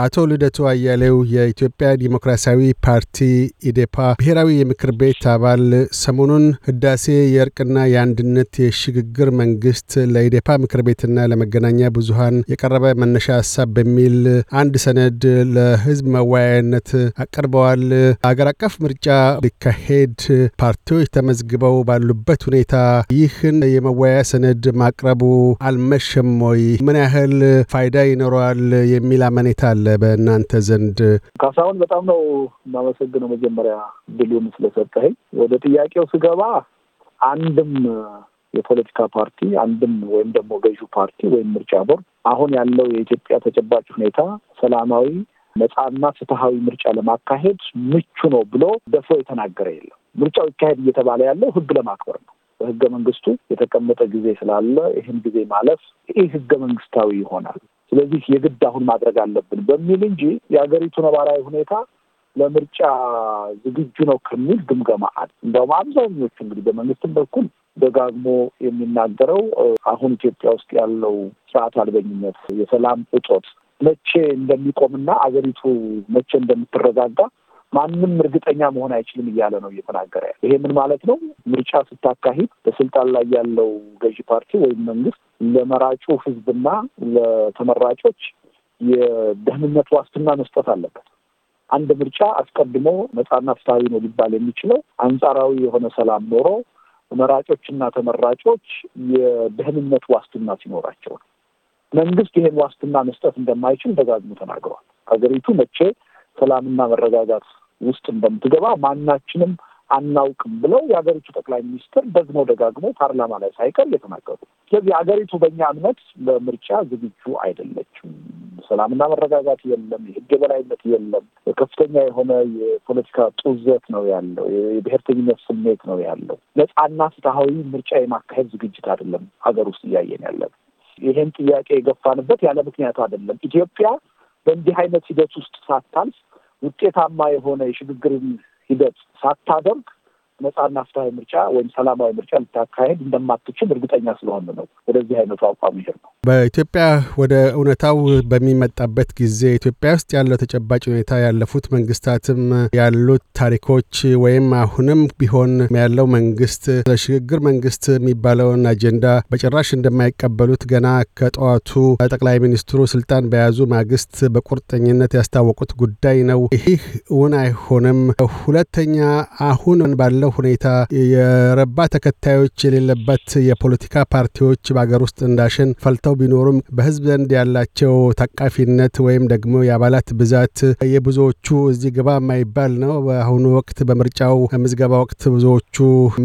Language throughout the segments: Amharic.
አቶ ልደቱ አያሌው የኢትዮጵያ ዲሞክራሲያዊ ፓርቲ ኢዴፓ ብሔራዊ የምክር ቤት አባል፣ ሰሞኑን ህዳሴ የእርቅና የአንድነት የሽግግር መንግስት ለኢዴፓ ምክር ቤትና ለመገናኛ ብዙሀን የቀረበ መነሻ ሀሳብ በሚል አንድ ሰነድ ለህዝብ መወያያነት አቅርበዋል። አገር አቀፍ ምርጫ ሊካሄድ ፓርቲዎች ተመዝግበው ባሉበት ሁኔታ ይህን የመወያያ ሰነድ ማቅረቡ አልመሸም ወይ? ምን ያህል ፋይዳ ይኖረዋል የሚል አመኔታ አለ። አለ በእናንተ ዘንድ? ካሳሁን በጣም ነው የማመሰግነው መጀመሪያ ድሉን ስለሰጠኝ። ወደ ጥያቄው ስገባ አንድም የፖለቲካ ፓርቲ አንድም ወይም ደግሞ ገዢው ፓርቲ ወይም ምርጫ ቦርድ አሁን ያለው የኢትዮጵያ ተጨባጭ ሁኔታ ሰላማዊ ነፃና ፍትሐዊ ምርጫ ለማካሄድ ምቹ ነው ብሎ ደፍሮ የተናገረ የለም። ምርጫው ይካሄድ እየተባለ ያለው ህግ ለማክበር ነው። በህገ መንግስቱ የተቀመጠ ጊዜ ስላለ ይህን ጊዜ ማለፍ ይህ ህገ መንግስታዊ ይሆናል። ስለዚህ የግድ አሁን ማድረግ አለብን በሚል እንጂ የሀገሪቱ ነባራዊ ሁኔታ ለምርጫ ዝግጁ ነው ከሚል ግምገማ አለ። እንደውም አብዛኞቹ እንግዲህ በመንግስትም በኩል ደጋግሞ የሚናገረው አሁን ኢትዮጵያ ውስጥ ያለው ስርዓት አልበኝነት፣ የሰላም እጦት መቼ እንደሚቆምና አገሪቱ መቼ እንደምትረጋጋ ማንም እርግጠኛ መሆን አይችልም እያለ ነው እየተናገረ ያለ። ይሄ ምን ማለት ነው? ምርጫ ስታካሂድ በስልጣን ላይ ያለው ገዢ ፓርቲ ወይም መንግስት ለመራጩ ህዝብና ለተመራጮች የደህንነት ዋስትና መስጠት አለበት። አንድ ምርጫ አስቀድሞ ነጻና ፍትሐዊ ነው ሊባል የሚችለው አንጻራዊ የሆነ ሰላም ኖሮ መራጮችና ተመራጮች የደህንነት ዋስትና ሲኖራቸው ነው። መንግስት ይሄን ዋስትና መስጠት እንደማይችል ደጋግሞ ተናግሯል። ሀገሪቱ መቼ ሰላምና መረጋጋት ውስጥ እንደምትገባ ማናችንም አናውቅም ብለው የሀገሪቱ ጠቅላይ ሚኒስትር ደግሞ ደጋግሞ ፓርላማ ላይ ሳይቀር እየተናገሩ ስለዚህ ሀገሪቱ በእኛ እምነት ለምርጫ ዝግጁ አይደለችም። ሰላምና መረጋጋት የለም፣ የህግ የበላይነት የለም። ከፍተኛ የሆነ የፖለቲካ ጡዘት ነው ያለው፣ የብሔርተኝነት ስሜት ነው ያለው። ነፃና ፍትሐዊ ምርጫ የማካሄድ ዝግጅት አይደለም ሀገር ውስጥ እያየን ያለን። ይህን ጥያቄ የገፋንበት ያለ ምክንያቱ አይደለም። ኢትዮጵያ በእንዲህ አይነት ሂደት ውስጥ ሳታልፍ ውጤታማ የሆነ የሽግግርን ሂደት ሳታደርግ ነጻና ፍትሐዊ ምርጫ ወይም ሰላማዊ ምርጫ ልታካሄድ እንደማትችል እርግጠኛ ስለሆነ ነው ወደዚህ አይነቱ አቋም ይሄድ ነው። በኢትዮጵያ ወደ እውነታው በሚመጣበት ጊዜ ኢትዮጵያ ውስጥ ያለው ተጨባጭ ሁኔታ ያለፉት መንግስታትም ያሉት ታሪኮች ወይም አሁንም ቢሆን ያለው መንግስት ለሽግግር መንግስት የሚባለውን አጀንዳ በጭራሽ እንደማይቀበሉት ገና ከጠዋቱ ጠቅላይ ሚኒስትሩ ስልጣን በያዙ ማግስት በቁርጠኝነት ያስታወቁት ጉዳይ ነው። ይህ እውን አይሆንም። ሁለተኛ፣ አሁን ባለው ሁኔታ የረባ ተከታዮች የሌለበት የፖለቲካ ፓርቲዎች በሀገር ውስጥ እንዳሸን ፈልተው ተሰማርተው ቢኖሩም በህዝብ ዘንድ ያላቸው ታቃፊነት ወይም ደግሞ የአባላት ብዛት የብዙዎቹ እዚህ ግባ የማይባል ነው። በአሁኑ ወቅት በምርጫው ምዝገባ ወቅት ብዙዎቹ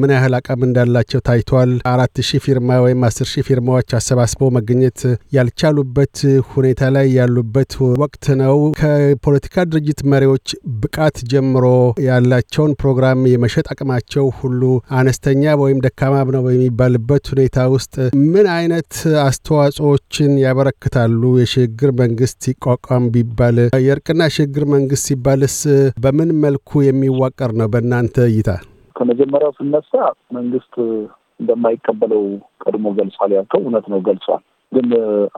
ምን ያህል አቅም እንዳላቸው ታይቷል። አራት ሺህ ፊርማ ወይም አስር ሺህ ፊርማዎች አሰባስበው መገኘት ያልቻሉበት ሁኔታ ላይ ያሉበት ወቅት ነው። ከፖለቲካ ድርጅት መሪዎች ብቃት ጀምሮ ያላቸውን ፕሮግራም የመሸጥ አቅማቸው ሁሉ አነስተኛ ወይም ደካማ ነው በሚባልበት ሁኔታ ውስጥ ምን አይነት አስተዋጽኦ አስተዋጽኦችን ያበረክታሉ። የሽግግር መንግስት ሲቋቋም ቢባል የእርቅና ሽግግር መንግስት ሲባልስ በምን መልኩ የሚዋቀር ነው በእናንተ እይታ? ከመጀመሪያው ስነሳ መንግስት እንደማይቀበለው ቀድሞ ገልጿል። ያልከው እውነት ነው፣ ገልጿል። ግን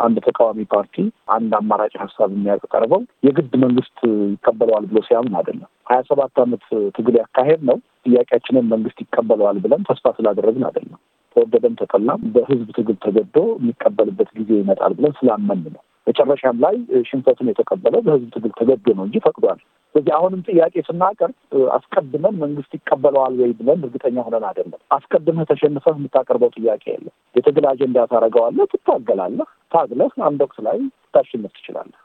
አንድ ተቃዋሚ ፓርቲ አንድ አማራጭ ሀሳብ የሚያቀርበው የግድ መንግስት ይቀበለዋል ብሎ ሲያምን አይደለም። ሀያ ሰባት ዓመት ትግል ያካሄድ ነው። ጥያቄያችንን መንግስት ይቀበለዋል ብለን ተስፋ ስላደረግን አይደለም። ተወደደም ተጠላም በህዝብ ትግል ተገዶ የሚቀበልበት ጊዜ ይመጣል ብለን ስላመን ነው። መጨረሻም ላይ ሽንፈቱን የተቀበለው በህዝብ ትግል ተገዶ ነው እንጂ ፈቅዷል። ስለዚህ አሁንም ጥያቄ ስናቀርብ አስቀድመን መንግስት ይቀበለዋል ወይ ብለን እርግጠኛ ሆነን አይደለም። አስቀድመህ ተሸንፈህ የምታቀርበው ጥያቄ የለም። የትግል አጀንዳ ታደርገዋለህ፣ ትታገላለህ። ታግለህ አንድ ወቅት ላይ ልታሸንፍ ትችላለህ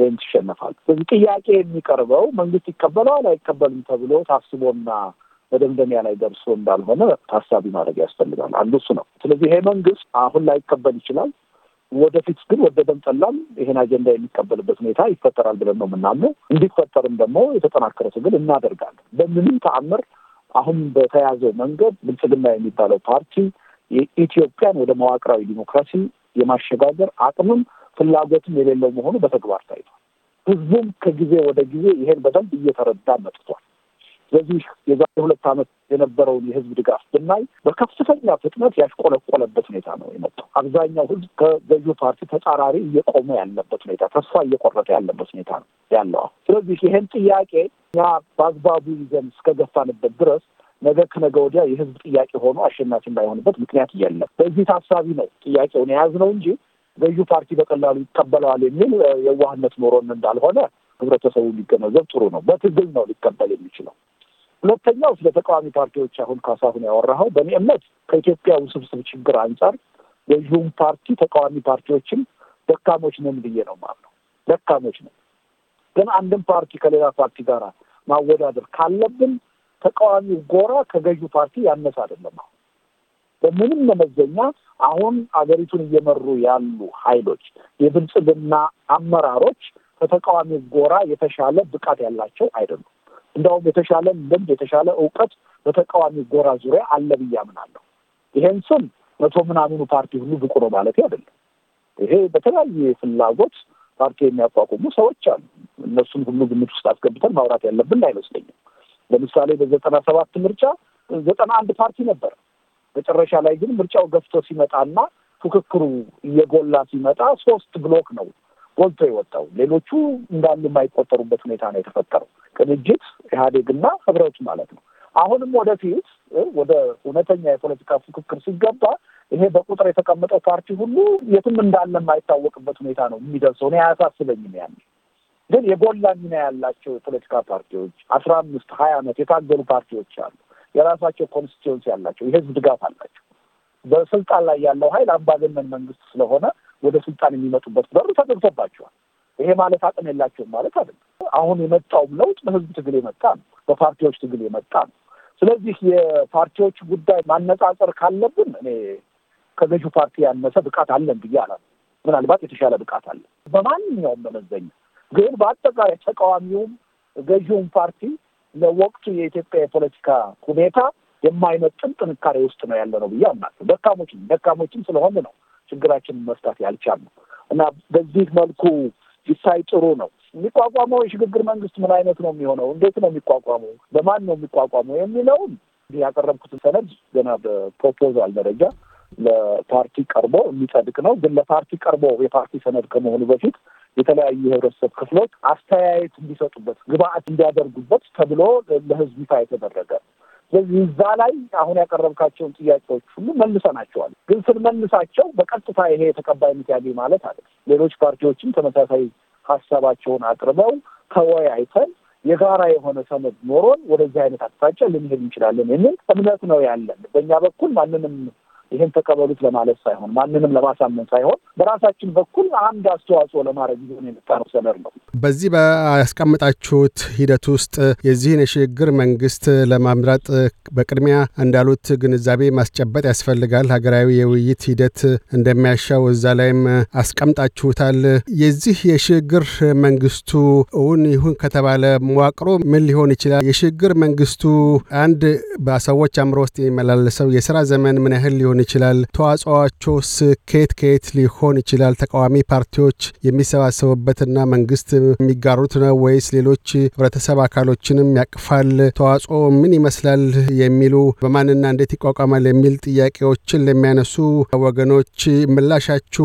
ወይም ትሸነፋል። ስለዚህ ጥያቄ የሚቀርበው መንግስት ይቀበለዋል አይቀበልም ተብሎ ታስቦና መደምደሚያ ላይ ደርሶ እንዳልሆነ ታሳቢ ማድረግ ያስፈልጋል። አንዱ እሱ ነው። ስለዚህ ይሄ መንግስት አሁን ላይቀበል ይችላል። ወደፊት ግን ወደደም ጠላም ይሄን አጀንዳ የሚቀበልበት ሁኔታ ይፈጠራል ብለን ነው የምናምነው። እንዲፈጠርም ደግሞ የተጠናከረ ትግል እናደርጋለን። በምንም ተአምር አሁን በተያዘው መንገድ ብልጽግና የሚባለው ፓርቲ የኢትዮጵያን ወደ መዋቅራዊ ዲሞክራሲ የማሸጋገር አቅምም ፍላጎትም የሌለው መሆኑ በተግባር ታይቷል። ህዝቡም ከጊዜ ወደ ጊዜ ይሄን በደንብ እየተረዳ መጥቷል። በዚህ የዛሬ ሁለት ዓመት የነበረውን የህዝብ ድጋፍ ብናይ በከፍተኛ ፍጥነት ያሽቆለቆለበት ሁኔታ ነው የመጣው። አብዛኛው ህዝብ ከገዢው ፓርቲ ተጻራሪ እየቆመ ያለበት ሁኔታ፣ ተስፋ እየቆረጠ ያለበት ሁኔታ ነው ያለው። ስለዚህ ይሄን ጥያቄ እኛ በአግባቡ ይዘን እስከገፋንበት ድረስ ነገ ከነገ ወዲያ የህዝብ ጥያቄ ሆኖ አሸናፊ እንዳይሆንበት ምክንያት የለም። በዚህ ታሳቢ ነው ጥያቄውን የያዝነው እንጂ ገዢው ፓርቲ በቀላሉ ይቀበለዋል የሚል የዋህነት ኖሮን እንዳልሆነ ህብረተሰቡ ሊገነዘብ ጥሩ ነው። በትግል ነው ሊቀበል የሚችለው። ሁለተኛው ስለ ተቃዋሚ ፓርቲዎች አሁን ካሳሁን ያወራኸው በእኔ እምነት ከኢትዮጵያ ውስብስብ ችግር አንጻር የዚሁም ፓርቲ ተቃዋሚ ፓርቲዎችም ደካሞች ነን ብዬ ነው ማለት ነው። ደካሞች ነን። ግን አንድም ፓርቲ ከሌላ ፓርቲ ጋር ማወዳደር ካለብን ተቃዋሚው ጎራ ከገዢ ፓርቲ ያነሰ አይደለም። አሁን በምንም መመዘኛ አሁን አገሪቱን እየመሩ ያሉ ኃይሎች የብልጽግና አመራሮች ከተቃዋሚ ጎራ የተሻለ ብቃት ያላቸው አይደሉም። እንደውም የተሻለ ልምድ የተሻለ እውቀት በተቃዋሚ ጎራ ዙሪያ አለ ብዬ አምናለሁ። ይሄን ስም መቶ ምናምኑ ፓርቲ ሁሉ ብቁ ነው ማለት አይደለም። ይሄ በተለያየ ፍላጎት ፓርቲ የሚያቋቁሙ ሰዎች አሉ። እነሱን ሁሉ ግምት ውስጥ አስገብተን ማውራት ያለብን አይመስለኝም። ለምሳሌ በዘጠና ሰባት ምርጫ ዘጠና አንድ ፓርቲ ነበር። መጨረሻ ላይ ግን ምርጫው ገፍቶ ሲመጣና ፉክክሩ እየጎላ ሲመጣ ሶስት ብሎክ ነው ጎልቶ የወጣው ሌሎቹ እንዳሉ የማይቆጠሩበት ሁኔታ ነው የተፈጠረው። ቅንጅት ኢህአዴግና ህብረት ማለት ነው። አሁንም ወደፊት ወደ እውነተኛ የፖለቲካ ፉክክር ሲገባ ይሄ በቁጥር የተቀመጠው ፓርቲ ሁሉ የትም እንዳለ የማይታወቅበት ሁኔታ ነው የሚደርሰው። እኔ አያሳስበኝም። ያ ግን የጎላ ሚና ያላቸው የፖለቲካ ፓርቲዎች አስራ አምስት ሀያ ዓመት የታገሉ ፓርቲዎች አሉ። የራሳቸው ኮንስቲትዌንስ ያላቸው የህዝብ ድጋፍ አላቸው። በስልጣን ላይ ያለው ሀይል አምባገነን መንግስት ስለሆነ ወደ ስልጣን የሚመጡበት በሩ ተዘግቶባቸዋል። ይሄ ማለት አቅም የላቸውም ማለት አይደለም። አሁን የመጣውም ለውጥ በህዝብ ትግል የመጣ ነው፣ በፓርቲዎች ትግል የመጣ ነው። ስለዚህ የፓርቲዎች ጉዳይ ማነጻጸር ካለብን እኔ ከገዢው ፓርቲ ያነሰ ብቃት አለን ብዬ አላ ምናልባት የተሻለ ብቃት አለ በማንኛውም መመዘኛ ግን በአጠቃላይ ተቃዋሚውም ገዢውም ፓርቲ ለወቅቱ የኢትዮጵያ የፖለቲካ ሁኔታ የማይመጥን ጥንካሬ ውስጥ ነው ያለ ነው ብዬ አምናለሁ። ደካሞችም ደካሞችም ስለሆነ ነው ችግራችንን መፍታት ያልቻሉ እና በዚህ መልኩ ሲታይ ጥሩ ነው። የሚቋቋመው የሽግግር መንግስት ምን አይነት ነው የሚሆነው? እንዴት ነው የሚቋቋመው? በማን ነው የሚቋቋመው የሚለውን ያቀረብኩትን ሰነድ ገና በፕሮፖዛል ደረጃ ለፓርቲ ቀርቦ የሚጸድቅ ነው። ግን ለፓርቲ ቀርቦ የፓርቲ ሰነድ ከመሆኑ በፊት የተለያዩ የህብረተሰብ ክፍሎች አስተያየት እንዲሰጡበት፣ ግብአት እንዲያደርጉበት ተብሎ ለህዝብ ይፋ የተደረገ ስለዚህ እዛ ላይ አሁን ያቀረብካቸውን ጥያቄዎች ሁሉ መልሰናቸዋል። ግን ስንመልሳቸው በቀጥታ ይሄ ተቀባይነት ያገኝ ማለት አለ። ሌሎች ፓርቲዎችም ተመሳሳይ ሀሳባቸውን አቅርበው ተወያይተን የጋራ የሆነ ሰነድ ኖሮን ወደዚህ አይነት አቅጣጫ ልንሄድ እንችላለን የሚል እምነት ነው ያለን። በእኛ በኩል ማንንም ይህን ተቀበሉት ለማለት ሳይሆን ማንንም ለማሳመን ሳይሆን በራሳችን በኩል አንድ አስተዋጽኦ ለማድረግ የመጣ ነው ሰነድ ነው። በዚህ ባስቀመጣችሁት ሂደት ውስጥ የዚህን የሽግግር መንግስት ለማምራጥ በቅድሚያ እንዳሉት ግንዛቤ ማስጨበጥ ያስፈልጋል። ሀገራዊ የውይይት ሂደት እንደሚያሻው እዛ ላይም አስቀምጣችሁታል። የዚህ የሽግግር መንግስቱ እውን ይሁን ከተባለ መዋቅሮ ምን ሊሆን ይችላል? የሽግግር መንግስቱ አንድ በሰዎች አእምሮ ውስጥ የሚመላለሰው የስራ ዘመን ምን ያህል ሊሆን ሊሆን ይችላል? ተዋጽኦአችሁስ ከየት ከየት ሊሆን ይችላል? ተቃዋሚ ፓርቲዎች የሚሰባሰቡበትና መንግስት የሚጋሩት ነው ወይስ ሌሎች ህብረተሰብ አካሎችንም ያቅፋል? ተዋጽኦ ምን ይመስላል የሚሉ በማንና እንዴት ይቋቋማል የሚል ጥያቄዎችን ለሚያነሱ ወገኖች ምላሻችሁ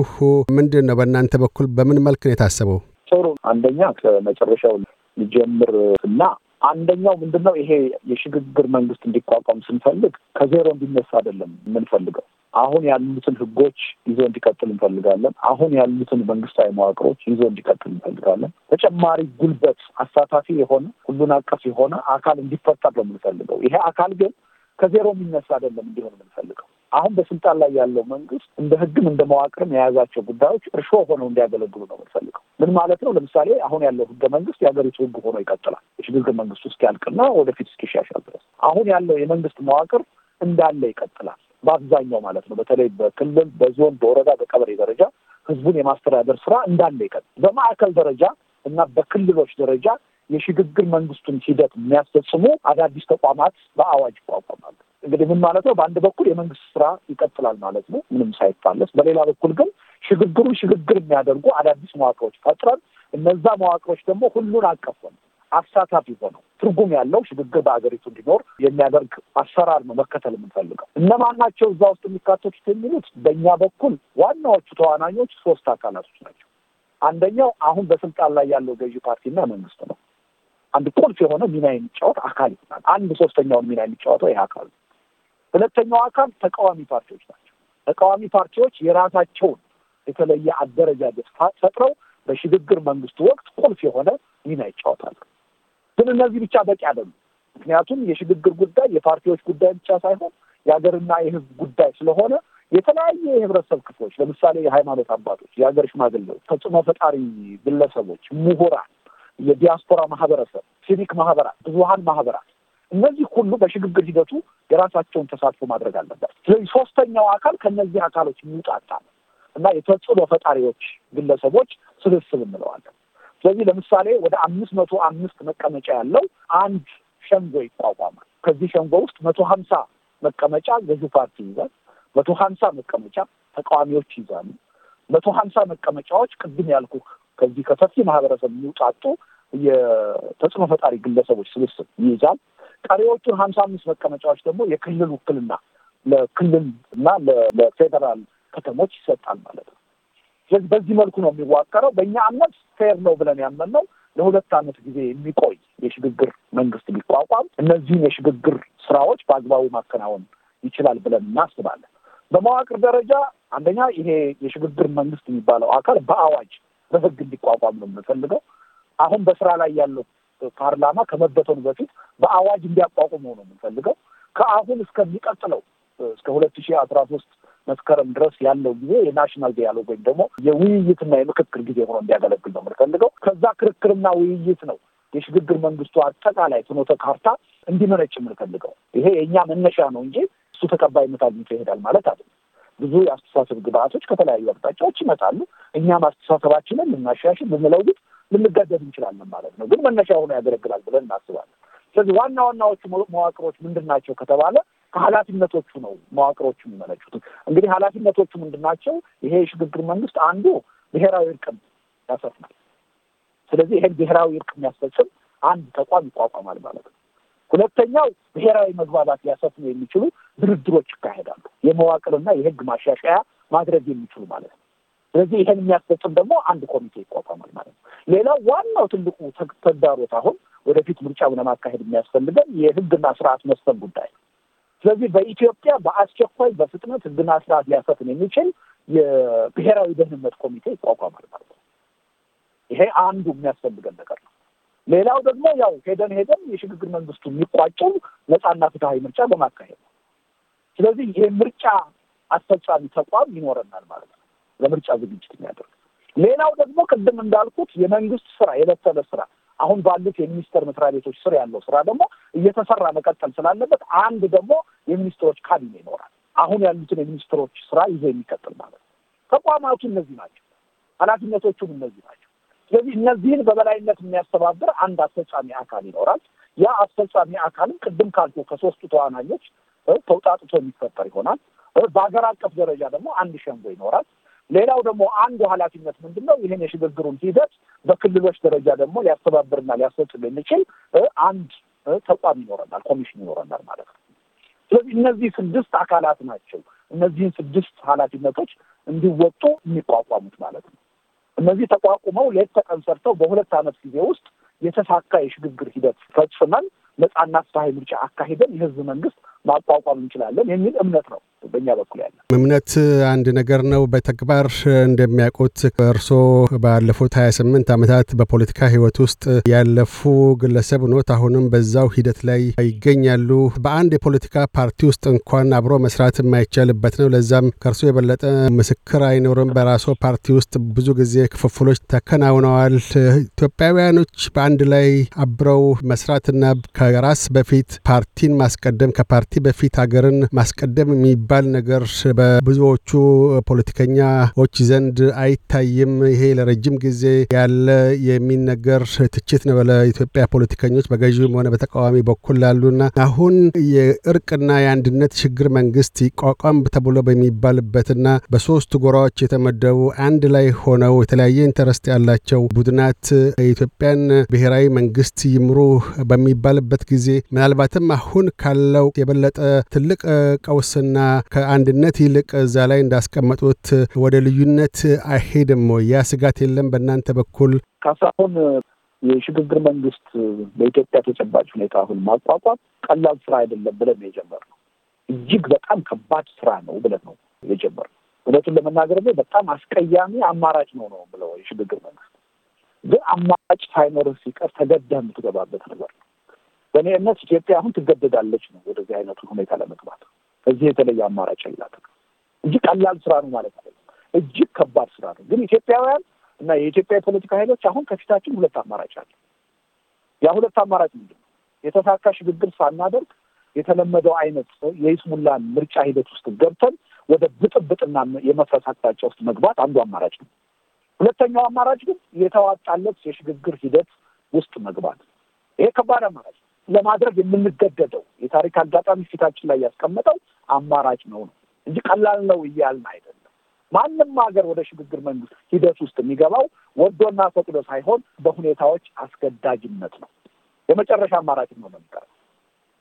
ምንድን ነው? በእናንተ በኩል በምን መልክ ነው የታሰበው? ጥሩ አንደኛ ከመጨረሻው ሊጀምር እና አንደኛው ምንድን ነው ይሄ የሽግግር መንግስት እንዲቋቋም ስንፈልግ ከዜሮ እንዲነሳ አይደለም የምንፈልገው። አሁን ያሉትን ህጎች ይዞ እንዲቀጥል እንፈልጋለን። አሁን ያሉትን መንግስታዊ መዋቅሮች ይዞ እንዲቀጥል እንፈልጋለን። ተጨማሪ ጉልበት፣ አሳታፊ የሆነ ሁሉን አቀፍ የሆነ አካል እንዲፈጠር ነው የምንፈልገው። ይሄ አካል ግን ከዜሮ የሚነሳ አይደለም እንዲሆን የምንፈልገው አሁን በስልጣን ላይ ያለው መንግስት እንደ ህግም እንደ መዋቅርም የያዛቸው ጉዳዮች እርሾ ሆነው እንዲያገለግሉ ነው የምንፈልገው። ምን ማለት ነው? ለምሳሌ አሁን ያለው ህገ መንግስት የሀገሪቱ ህግ ሆኖ ይቀጥላል የሽግግር መንግስቱ እስኪያልቅና ወደፊት እስኪሻሻል ድረስ። አሁን ያለው የመንግስት መዋቅር እንዳለ ይቀጥላል በአብዛኛው ማለት ነው። በተለይ በክልል፣ በዞን፣ በወረዳ፣ በቀበሌ ደረጃ ህዝቡን የማስተዳደር ስራ እንዳለ ይቀጥላል። በማዕከል ደረጃ እና በክልሎች ደረጃ የሽግግር መንግስቱን ሂደት የሚያስፈጽሙ አዳዲስ ተቋማት በአዋጅ ይቋቋማሉ። እንግዲህ ምን ማለት ነው? በአንድ በኩል የመንግስት ስራ ይቀጥላል ማለት ነው፣ ምንም ሳይታለስ። በሌላ በኩል ግን ሽግግሩን ሽግግር የሚያደርጉ አዳዲስ መዋቅሮች ፈጥረን እነዛ መዋቅሮች ደግሞ ሁሉን አቀፈን አሳታፊ ሆነው ትርጉም ያለው ሽግግር በሀገሪቱ እንዲኖር የሚያደርግ አሰራር ነው መከተል የምንፈልገው። እነማን ናቸው እዛ ውስጥ የሚካተቱት የሚሉት በእኛ በኩል ዋናዎቹ ተዋናኞች ሶስት አካላቶች ናቸው። አንደኛው አሁን በስልጣን ላይ ያለው ገዢ ፓርቲና መንግስት ነው። አንድ ቁልፍ የሆነ ሚና የሚጫወት አካል ይሆናል። አንድ ሶስተኛውን ሚና የሚጫወተው ይህ አካል ነው። ሁለተኛው አካል ተቃዋሚ ፓርቲዎች ናቸው። ተቃዋሚ ፓርቲዎች የራሳቸውን የተለየ አደረጃጀት ፈጥረው በሽግግር መንግስቱ ወቅት ቁልፍ የሆነ ሚና ይጫወታሉ። ግን እነዚህ ብቻ በቂ አደሉ ምክንያቱም የሽግግር ጉዳይ የፓርቲዎች ጉዳይ ብቻ ሳይሆን የሀገርና የህዝብ ጉዳይ ስለሆነ የተለያየ የህብረተሰብ ክፍሎች ለምሳሌ የሃይማኖት አባቶች፣ የሀገር ሽማግሌዎች፣ ተጽዕኖ ፈጣሪ ግለሰቦች፣ ምሁራን የዲያስፖራ ማህበረሰብ፣ ሲቪክ ማህበራት፣ ብዙሀን ማህበራት እነዚህ ሁሉ በሽግግር ሂደቱ የራሳቸውን ተሳትፎ ማድረግ አለበት። ስለዚህ ሶስተኛው አካል ከእነዚህ አካሎች የሚውጣጣ ነው እና የተጽዕኖ ፈጣሪዎች ግለሰቦች ስብስብ እንለዋለን። ስለዚህ ለምሳሌ ወደ አምስት መቶ አምስት መቀመጫ ያለው አንድ ሸንጎ ይቋቋማል። ከዚህ ሸንጎ ውስጥ መቶ ሀምሳ መቀመጫ ገዢ ፓርቲ ይዛል፣ መቶ ሀምሳ መቀመጫ ተቃዋሚዎች ይይዛሉ። መቶ ሀምሳ መቀመጫዎች ቅድም ያልኩ ከዚህ ከሰፊ ማህበረሰብ የሚውጣጡ የተጽዕኖ ፈጣሪ ግለሰቦች ስብስብ ይይዛል። ቀሪዎቹን ሀምሳ አምስት መቀመጫዎች ደግሞ የክልል ውክልና ለክልል እና ለፌዴራል ከተሞች ይሰጣል ማለት ነው። ስለዚህ በዚህ መልኩ ነው የሚዋቀረው። በእኛ እምነት ፌር ነው ብለን ያመንነው ለሁለት ዓመት ጊዜ የሚቆይ የሽግግር መንግስት ቢቋቋም እነዚህን የሽግግር ስራዎች በአግባቡ ማከናወን ይችላል ብለን እናስባለን። በመዋቅር ደረጃ አንደኛ ይሄ የሽግግር መንግስት የሚባለው አካል በአዋጅ በህግ እንዲቋቋም ነው የምንፈልገው። አሁን በስራ ላይ ያለው ፓርላማ ከመበተኑ በፊት በአዋጅ እንዲያቋቁመው ነው የምንፈልገው። ከአሁን እስከሚቀጥለው እስከ ሁለት ሺህ አስራ ሶስት መስከረም ድረስ ያለው ጊዜ የናሽናል ዲያሎግ ወይም ደግሞ የውይይትና የምክክር ጊዜ ሆኖ እንዲያገለግል ነው የምንፈልገው። ከዛ ክርክርና ውይይት ነው የሽግግር መንግስቱ አጠቃላይ ፍኖተ ካርታ እንዲመነጭ የምንፈልገው። ይሄ የእኛ መነሻ ነው እንጂ እሱ ተቀባይነት አግኝቶ ይሄዳል ማለት አይደለም። ብዙ የአስተሳሰብ ግብአቶች ከተለያዩ አቅጣጫዎች ይመጣሉ። እኛም አስተሳሰባችንን ልናሻሽል፣ ልንለውጥ፣ ልንጋደድ እንችላለን ማለት ነው። ግን መነሻ ሆኖ ያገለግላል ብለን እናስባለን። ስለዚህ ዋና ዋናዎቹ መዋቅሮች ምንድን ናቸው ከተባለ ከኃላፊነቶቹ ነው መዋቅሮቹ የሚመለጩት። እንግዲህ ኃላፊነቶቹ ምንድን ናቸው? ይሄ የሽግግር መንግስት አንዱ ብሔራዊ እርቅም ያሰፍናል። ስለዚህ ይሄን ብሔራዊ እርቅ የሚያስፈጽም አንድ ተቋም ይቋቋማል ማለት ነው። ሁለተኛው ብሔራዊ መግባባት ሊያሰፍኑ የሚችሉ ድርድሮች ይካሄዳሉ። የመዋቅርና የህግ ማሻሻያ ማድረግ የሚችሉ ማለት ነው። ስለዚህ ይህን የሚያስፈጽም ደግሞ አንድ ኮሚቴ ይቋቋማል ማለት ነው። ሌላው ዋናው ትልቁ ተግዳሮት አሁን ወደፊት ምርጫውን ለማካሄድ የሚያስፈልገን የህግና ስርዓት መስፈን ጉዳይ ስለዚህ በኢትዮጵያ በአስቸኳይ በፍጥነት ህግና ስርዓት ሊያሰፍን የሚችል የብሔራዊ ደህንነት ኮሚቴ ይቋቋማል ማለት ነው። ይሄ አንዱ የሚያስፈልገን ነገር ነው። ሌላው ደግሞ ያው ሄደን ሄደን የሽግግር መንግስቱ የሚቋጨው ነፃና ፍትሀዊ ምርጫ በማካሄድ ነው። ስለዚህ ይሄ ምርጫ አስፈጻሚ ተቋም ይኖረናል ማለት ነው፣ ለምርጫ ዝግጅት የሚያደርግ ሌላው ደግሞ ቅድም እንዳልኩት የመንግስት ስራ የዕለት ስራ አሁን ባሉት የሚኒስቴር መስሪያ ቤቶች ስር ያለው ስራ ደግሞ እየተሰራ መቀጠል ስላለበት አንድ ደግሞ የሚኒስትሮች ካቢኔ ይኖራል። አሁን ያሉትን የሚኒስትሮች ስራ ይዞ የሚቀጥል ማለት ነው። ተቋማቱ እነዚህ ናቸው፣ ኃላፊነቶቹም እነዚህ ናቸው። ስለዚህ እነዚህን በበላይነት የሚያስተባብር አንድ አስፈጻሚ አካል ይኖራል። ያ አስፈጻሚ አካልም ቅድም ካልኩ ከሶስቱ ተዋናኞች ተውጣጥቶ የሚፈጠር ይሆናል። በሀገር አቀፍ ደረጃ ደግሞ አንድ ሸንጎ ይኖራል። ሌላው ደግሞ አንዱ ኃላፊነት ምንድን ነው? ይህን የሽግግሩን ሂደት በክልሎች ደረጃ ደግሞ ሊያስተባብርና ሊያስፈጽም የሚችል አንድ ተቋም ይኖረናል፣ ኮሚሽን ይኖረናል ማለት ነው። ስለዚህ እነዚህ ስድስት አካላት ናቸው እነዚህን ስድስት ኃላፊነቶች እንዲወጡ የሚቋቋሙት ማለት ነው። እነዚህ ተቋቁመው ሌት ተቀን ሰርተው በሁለት ዓመት ጊዜ ውስጥ የተሳካ የሽግግር ሂደት ፈጽመን ነጻና ፍትሐዊ ምርጫ አካሂደን የህዝብ መንግስት ማቋቋም እንችላለን የሚል እምነት ነው። በእኛ በኩል ያለ እምነት አንድ ነገር ነው። በተግባር እንደሚያውቁት እርሶ ባለፉት ሀያ ስምንት ዓመታት በፖለቲካ ህይወት ውስጥ ያለፉ ግለሰብ ኖት። አሁንም በዛው ሂደት ላይ ይገኛሉ። በአንድ የፖለቲካ ፓርቲ ውስጥ እንኳን አብሮ መስራት የማይቻልበት ነው። ለዛም ከእርሶ የበለጠ ምስክር አይኖርም። በራሶ ፓርቲ ውስጥ ብዙ ጊዜ ክፍፍሎች ተከናውነዋል። ኢትዮጵያውያኖች በአንድ ላይ አብረው መስራትና ከራስ በፊት ፓርቲን ማስቀደም ከፓርቲ በፊት ሀገርን ማስቀደም የሚባ የሚባል ነገር በብዙዎቹ ፖለቲከኛዎች ዘንድ አይታይም። ይሄ ለረጅም ጊዜ ያለ የሚነገር ትችት ነው ለኢትዮጵያ ፖለቲከኞች በገዥም ሆነ በተቃዋሚ በኩል ላሉና አሁን የእርቅና የአንድነት ሽግግር መንግስት ይቋቋም ተብሎ በሚባልበትና በሶስቱ ጎራዎች የተመደቡ አንድ ላይ ሆነው የተለያየ ኢንተረስት ያላቸው ቡድናት የኢትዮጵያን ብሔራዊ መንግስት ይምሩ በሚባልበት ጊዜ ምናልባትም አሁን ካለው የበለጠ ትልቅ ቀውስና ከአንድነት ይልቅ እዛ ላይ እንዳስቀመጡት ወደ ልዩነት አይሄድም ወይ? ያ ስጋት የለም በእናንተ በኩል? ካሳሁን፣ የሽግግር መንግስት በኢትዮጵያ ተጨባጭ ሁኔታ አሁን ማቋቋም ቀላል ስራ አይደለም ብለን ነው የጀመርነው። እጅግ በጣም ከባድ ስራ ነው ብለን ነው የጀመርነው። እውነቱን ለመናገር በጣም አስቀያሚ አማራጭ ነው ነው ብለው የሽግግር መንግስት ግን አማራጭ ሳይኖር ሲቀር ተገዳ የምትገባበት ነገር ነው። በእኔ እምነት ኢትዮጵያ አሁን ትገደዳለች ነው ወደዚህ አይነቱን ሁኔታ ለመግባት ከዚህ የተለየ አማራጭ የላትም። እጅግ ቀላል ስራ ነው ማለት አይደለም። እጅግ ከባድ ስራ ነው። ግን ኢትዮጵያውያን እና የኢትዮጵያ የፖለቲካ ኃይሎች አሁን ከፊታችን ሁለት አማራጭ አለ። ያ ሁለት አማራጭ ምንድን ነው? የተሳካ ሽግግር ሳናደርግ የተለመደው አይነት የይስሙላን ምርጫ ሂደት ውስጥ ገብተን ወደ ብጥብጥና የመፍረስ አቅጣጫ ውስጥ መግባት አንዱ አማራጭ ነው። ሁለተኛው አማራጭ ግን የተዋጣለት የሽግግር ሂደት ውስጥ መግባት። ይሄ ከባድ አማራጭ ለማድረግ የምንገደደው የታሪክ አጋጣሚ ፊታችን ላይ ያስቀመጠው አማራጭ ነው ነው እንጂ ቀላል ነው እያልን አይደለም። ማንም ሀገር ወደ ሽግግር መንግስት ሂደት ውስጥ የሚገባው ወዶና ፈቅዶ ሳይሆን በሁኔታዎች አስገዳጅነት ነው። የመጨረሻ አማራጭ ነው መምጠር።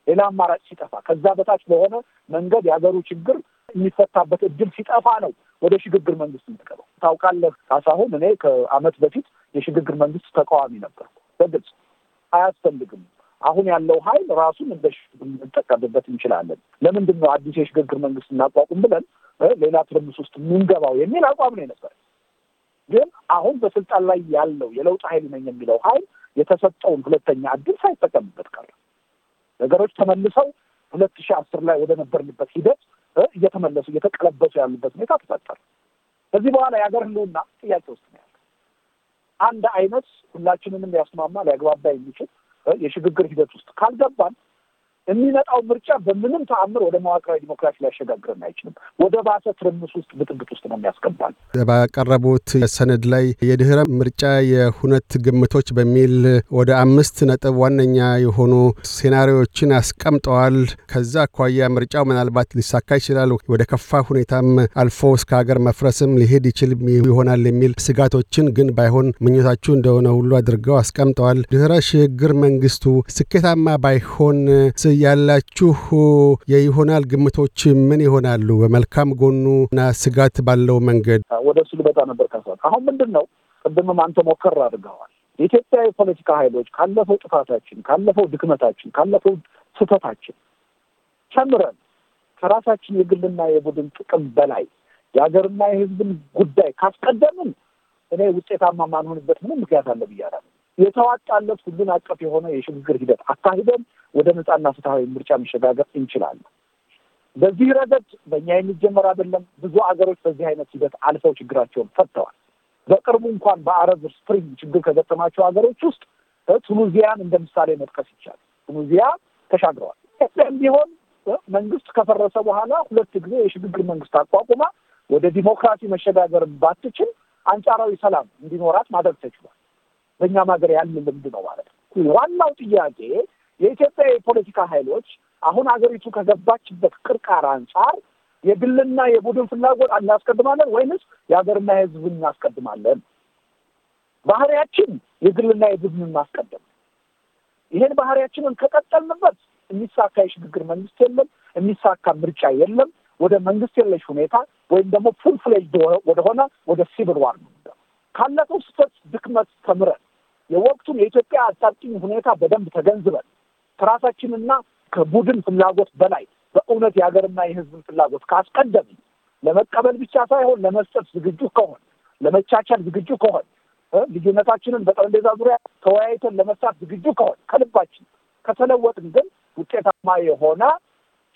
ሌላ አማራጭ ሲጠፋ፣ ከዛ በታች በሆነ መንገድ የሀገሩ ችግር የሚፈታበት እድል ሲጠፋ ነው ወደ ሽግግር መንግስት የምትገባው። ታውቃለህ ካሳሁን፣ እኔ ከአመት በፊት የሽግግር መንግስት ተቃዋሚ ነበርኩ በግልጽ አያስፈልግም አሁን ያለው ሀይል ራሱን እንደ ልንጠቀምበት እንችላለን። ለምንድን ነው አዲስ የሽግግር መንግስት እናቋቁም ብለን ሌላ ትርምስ ውስጥ የምንገባው የሚል አቋም ነው የነበረ። ግን አሁን በስልጣን ላይ ያለው የለውጥ ሀይል ነኝ የሚለው ሀይል የተሰጠውን ሁለተኛ እድል ሳይጠቀምበት ቀረ። ነገሮች ተመልሰው ሁለት ሺህ አስር ላይ ወደ ነበርንበት ሂደት እየተመለሱ እየተቀለበሱ ያሉበት ሁኔታ ተፈጠረ። ከዚህ በኋላ የሀገር ህልውና ጥያቄ ውስጥ ነው ያለ። አንድ አይነት ሁላችንንም ሊያስማማ ሊያግባባ የሚችል የሽግግር ሂደት ውስጥ ካልገባን የሚመጣው ምርጫ በምንም ተአምር ወደ መዋቅራዊ ዲሞክራሲ ሊያሸጋግረን አይችልም። ወደ ባሰ ትርምስ ውስጥ፣ ብጥብጥ ውስጥ ነው የሚያስገባል። ባቀረቡት ሰነድ ላይ የድህረ ምርጫ የሁነት ግምቶች በሚል ወደ አምስት ነጥብ ዋነኛ የሆኑ ሴናሪዎችን አስቀምጠዋል። ከዛ አኳያ ምርጫው ምናልባት ሊሳካ ይችላል፣ ወደ ከፋ ሁኔታም አልፎ እስከ ሀገር መፍረስም ሊሄድ ይችል ይሆናል የሚል ስጋቶችን ግን ባይሆን ምኞታችሁ እንደሆነ ሁሉ አድርገው አስቀምጠዋል። ድህረ ሽግግር መንግስቱ ስኬታማ ባይሆን ያላችሁ የይሆናል ግምቶች ምን ይሆናሉ? በመልካም ጎኑና ስጋት ባለው መንገድ ወደ እሱ ልበጣ ነበር። ከሰት አሁን ምንድን ነው ቅድምም አንተ ሞከር አድርገዋል። የኢትዮጵያ የፖለቲካ ኃይሎች ካለፈው ጥፋታችን፣ ካለፈው ድክመታችን፣ ካለፈው ስህተታችን ተምረን ከራሳችን የግልና የቡድን ጥቅም በላይ የሀገርና የሕዝብን ጉዳይ ካስቀደምን እኔ ውጤታማ ማንሆንበት ምንም ምክንያት አለ ብያለሁ። የተዋጣለት ሁሉን አቀፍ የሆነ የሽግግር ሂደት አካሂደን ወደ ነጻና ፍትሐዊ ምርጫ መሸጋገር እንችላለን። በዚህ ረገድ በእኛ የሚጀመር አይደለም። ብዙ አገሮች በዚህ አይነት ሂደት አልፈው ችግራቸውን ፈጥተዋል። በቅርቡ እንኳን በአረብ ስፕሪንግ ችግር ከገጠማቸው ሀገሮች ውስጥ ቱኒዚያን እንደ ምሳሌ መጥቀስ ይቻላል። ቱኒዚያ ተሻግረዋል። ኢትዮጵያም ቢሆን መንግስት ከፈረሰ በኋላ ሁለት ጊዜ የሽግግር መንግስት አቋቁማ ወደ ዲሞክራሲ መሸጋገር ባትችል አንጻራዊ ሰላም እንዲኖራት ማድረግ ተችሏል። በእኛም ሀገር ያለ ልምድ ነው ማለት ነው። ዋናው ጥያቄ የኢትዮጵያ የፖለቲካ ኃይሎች አሁን ሀገሪቱ ከገባችበት ቅርቃር አንጻር የግልና የቡድን ፍላጎት እናስቀድማለን ወይንስ የሀገርና የሕዝብ እናስቀድማለን? ባህሪያችን የግልና የቡድን እናስቀድም። ይሄን ባህሪያችንን ከቀጠልንበት የሚሳካ የሽግግር መንግስት የለም፣ የሚሳካ ምርጫ የለም። ወደ መንግስት የለሽ ሁኔታ ወይም ደግሞ ፉል ፍሌጅ ወደሆነ ወደ ሲቪል ዋር ነው። ካለፈው ስህተት ድክመት ተምረን የወቅቱን የኢትዮጵያ አሳጭኝ ሁኔታ በደንብ ተገንዝበን ከራሳችንና ከቡድን ፍላጎት በላይ በእውነት የሀገርና የሕዝብን ፍላጎት ካስቀደም ለመቀበል ብቻ ሳይሆን ለመስጠት ዝግጁ ከሆን ለመቻቻል ዝግጁ ከሆን ልዩነታችንን በጠረጴዛ ዙሪያ ተወያይተን ለመስራት ዝግጁ ከሆን ከልባችን ከተለወጥን ግን ውጤታማ የሆነ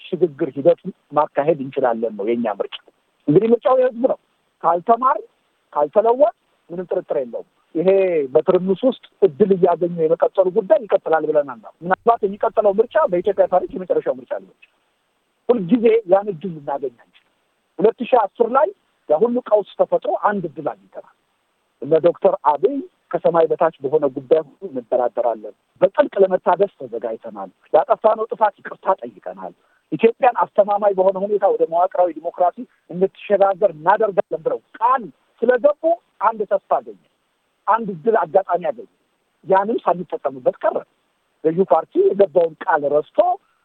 ሽግግር ሂደት ማካሄድ እንችላለን ነው የእኛ ምርጫ። እንግዲህ ምርጫው የህዝብ ነው። ካልተማር ካልተለወጥ ምንም ጥርጥር የለውም ይሄ በትርምስ ውስጥ እድል እያገኙ የመቀጠሉ ጉዳይ ይቀጥላል ብለናል። ምናልባት የሚቀጥለው ምርጫ በኢትዮጵያ ታሪክ የመጨረሻው ምርጫ ሊሆን ሁልጊዜ ያን እድል ልናገኝ ሁለት ሺህ አስር ላይ ያሁሉ ቀውስ ተፈጥሮ አንድ እድል አግኝተናል። እነ ዶክተር አብይ ከሰማይ በታች በሆነ ጉዳይ ሁሉ እንደራደራለን። በጥልቅ ለመታደስ ተዘጋጅተናል። ያጠፋነው ጥፋት ይቅርታ ጠይቀናል። ኢትዮጵያን አስተማማኝ በሆነ ሁኔታ ወደ መዋቅራዊ ዲሞክራሲ እንድትሸጋገር እናደርጋለን ብለው ቃል ስለገቡ አንድ ተስፋ አገኘ። አንድ እድል አጋጣሚ ያገኘ ያንም ሳንጠቀምበት ቀረ። ገዢው ፓርቲ የገባውን ቃል ረስቶ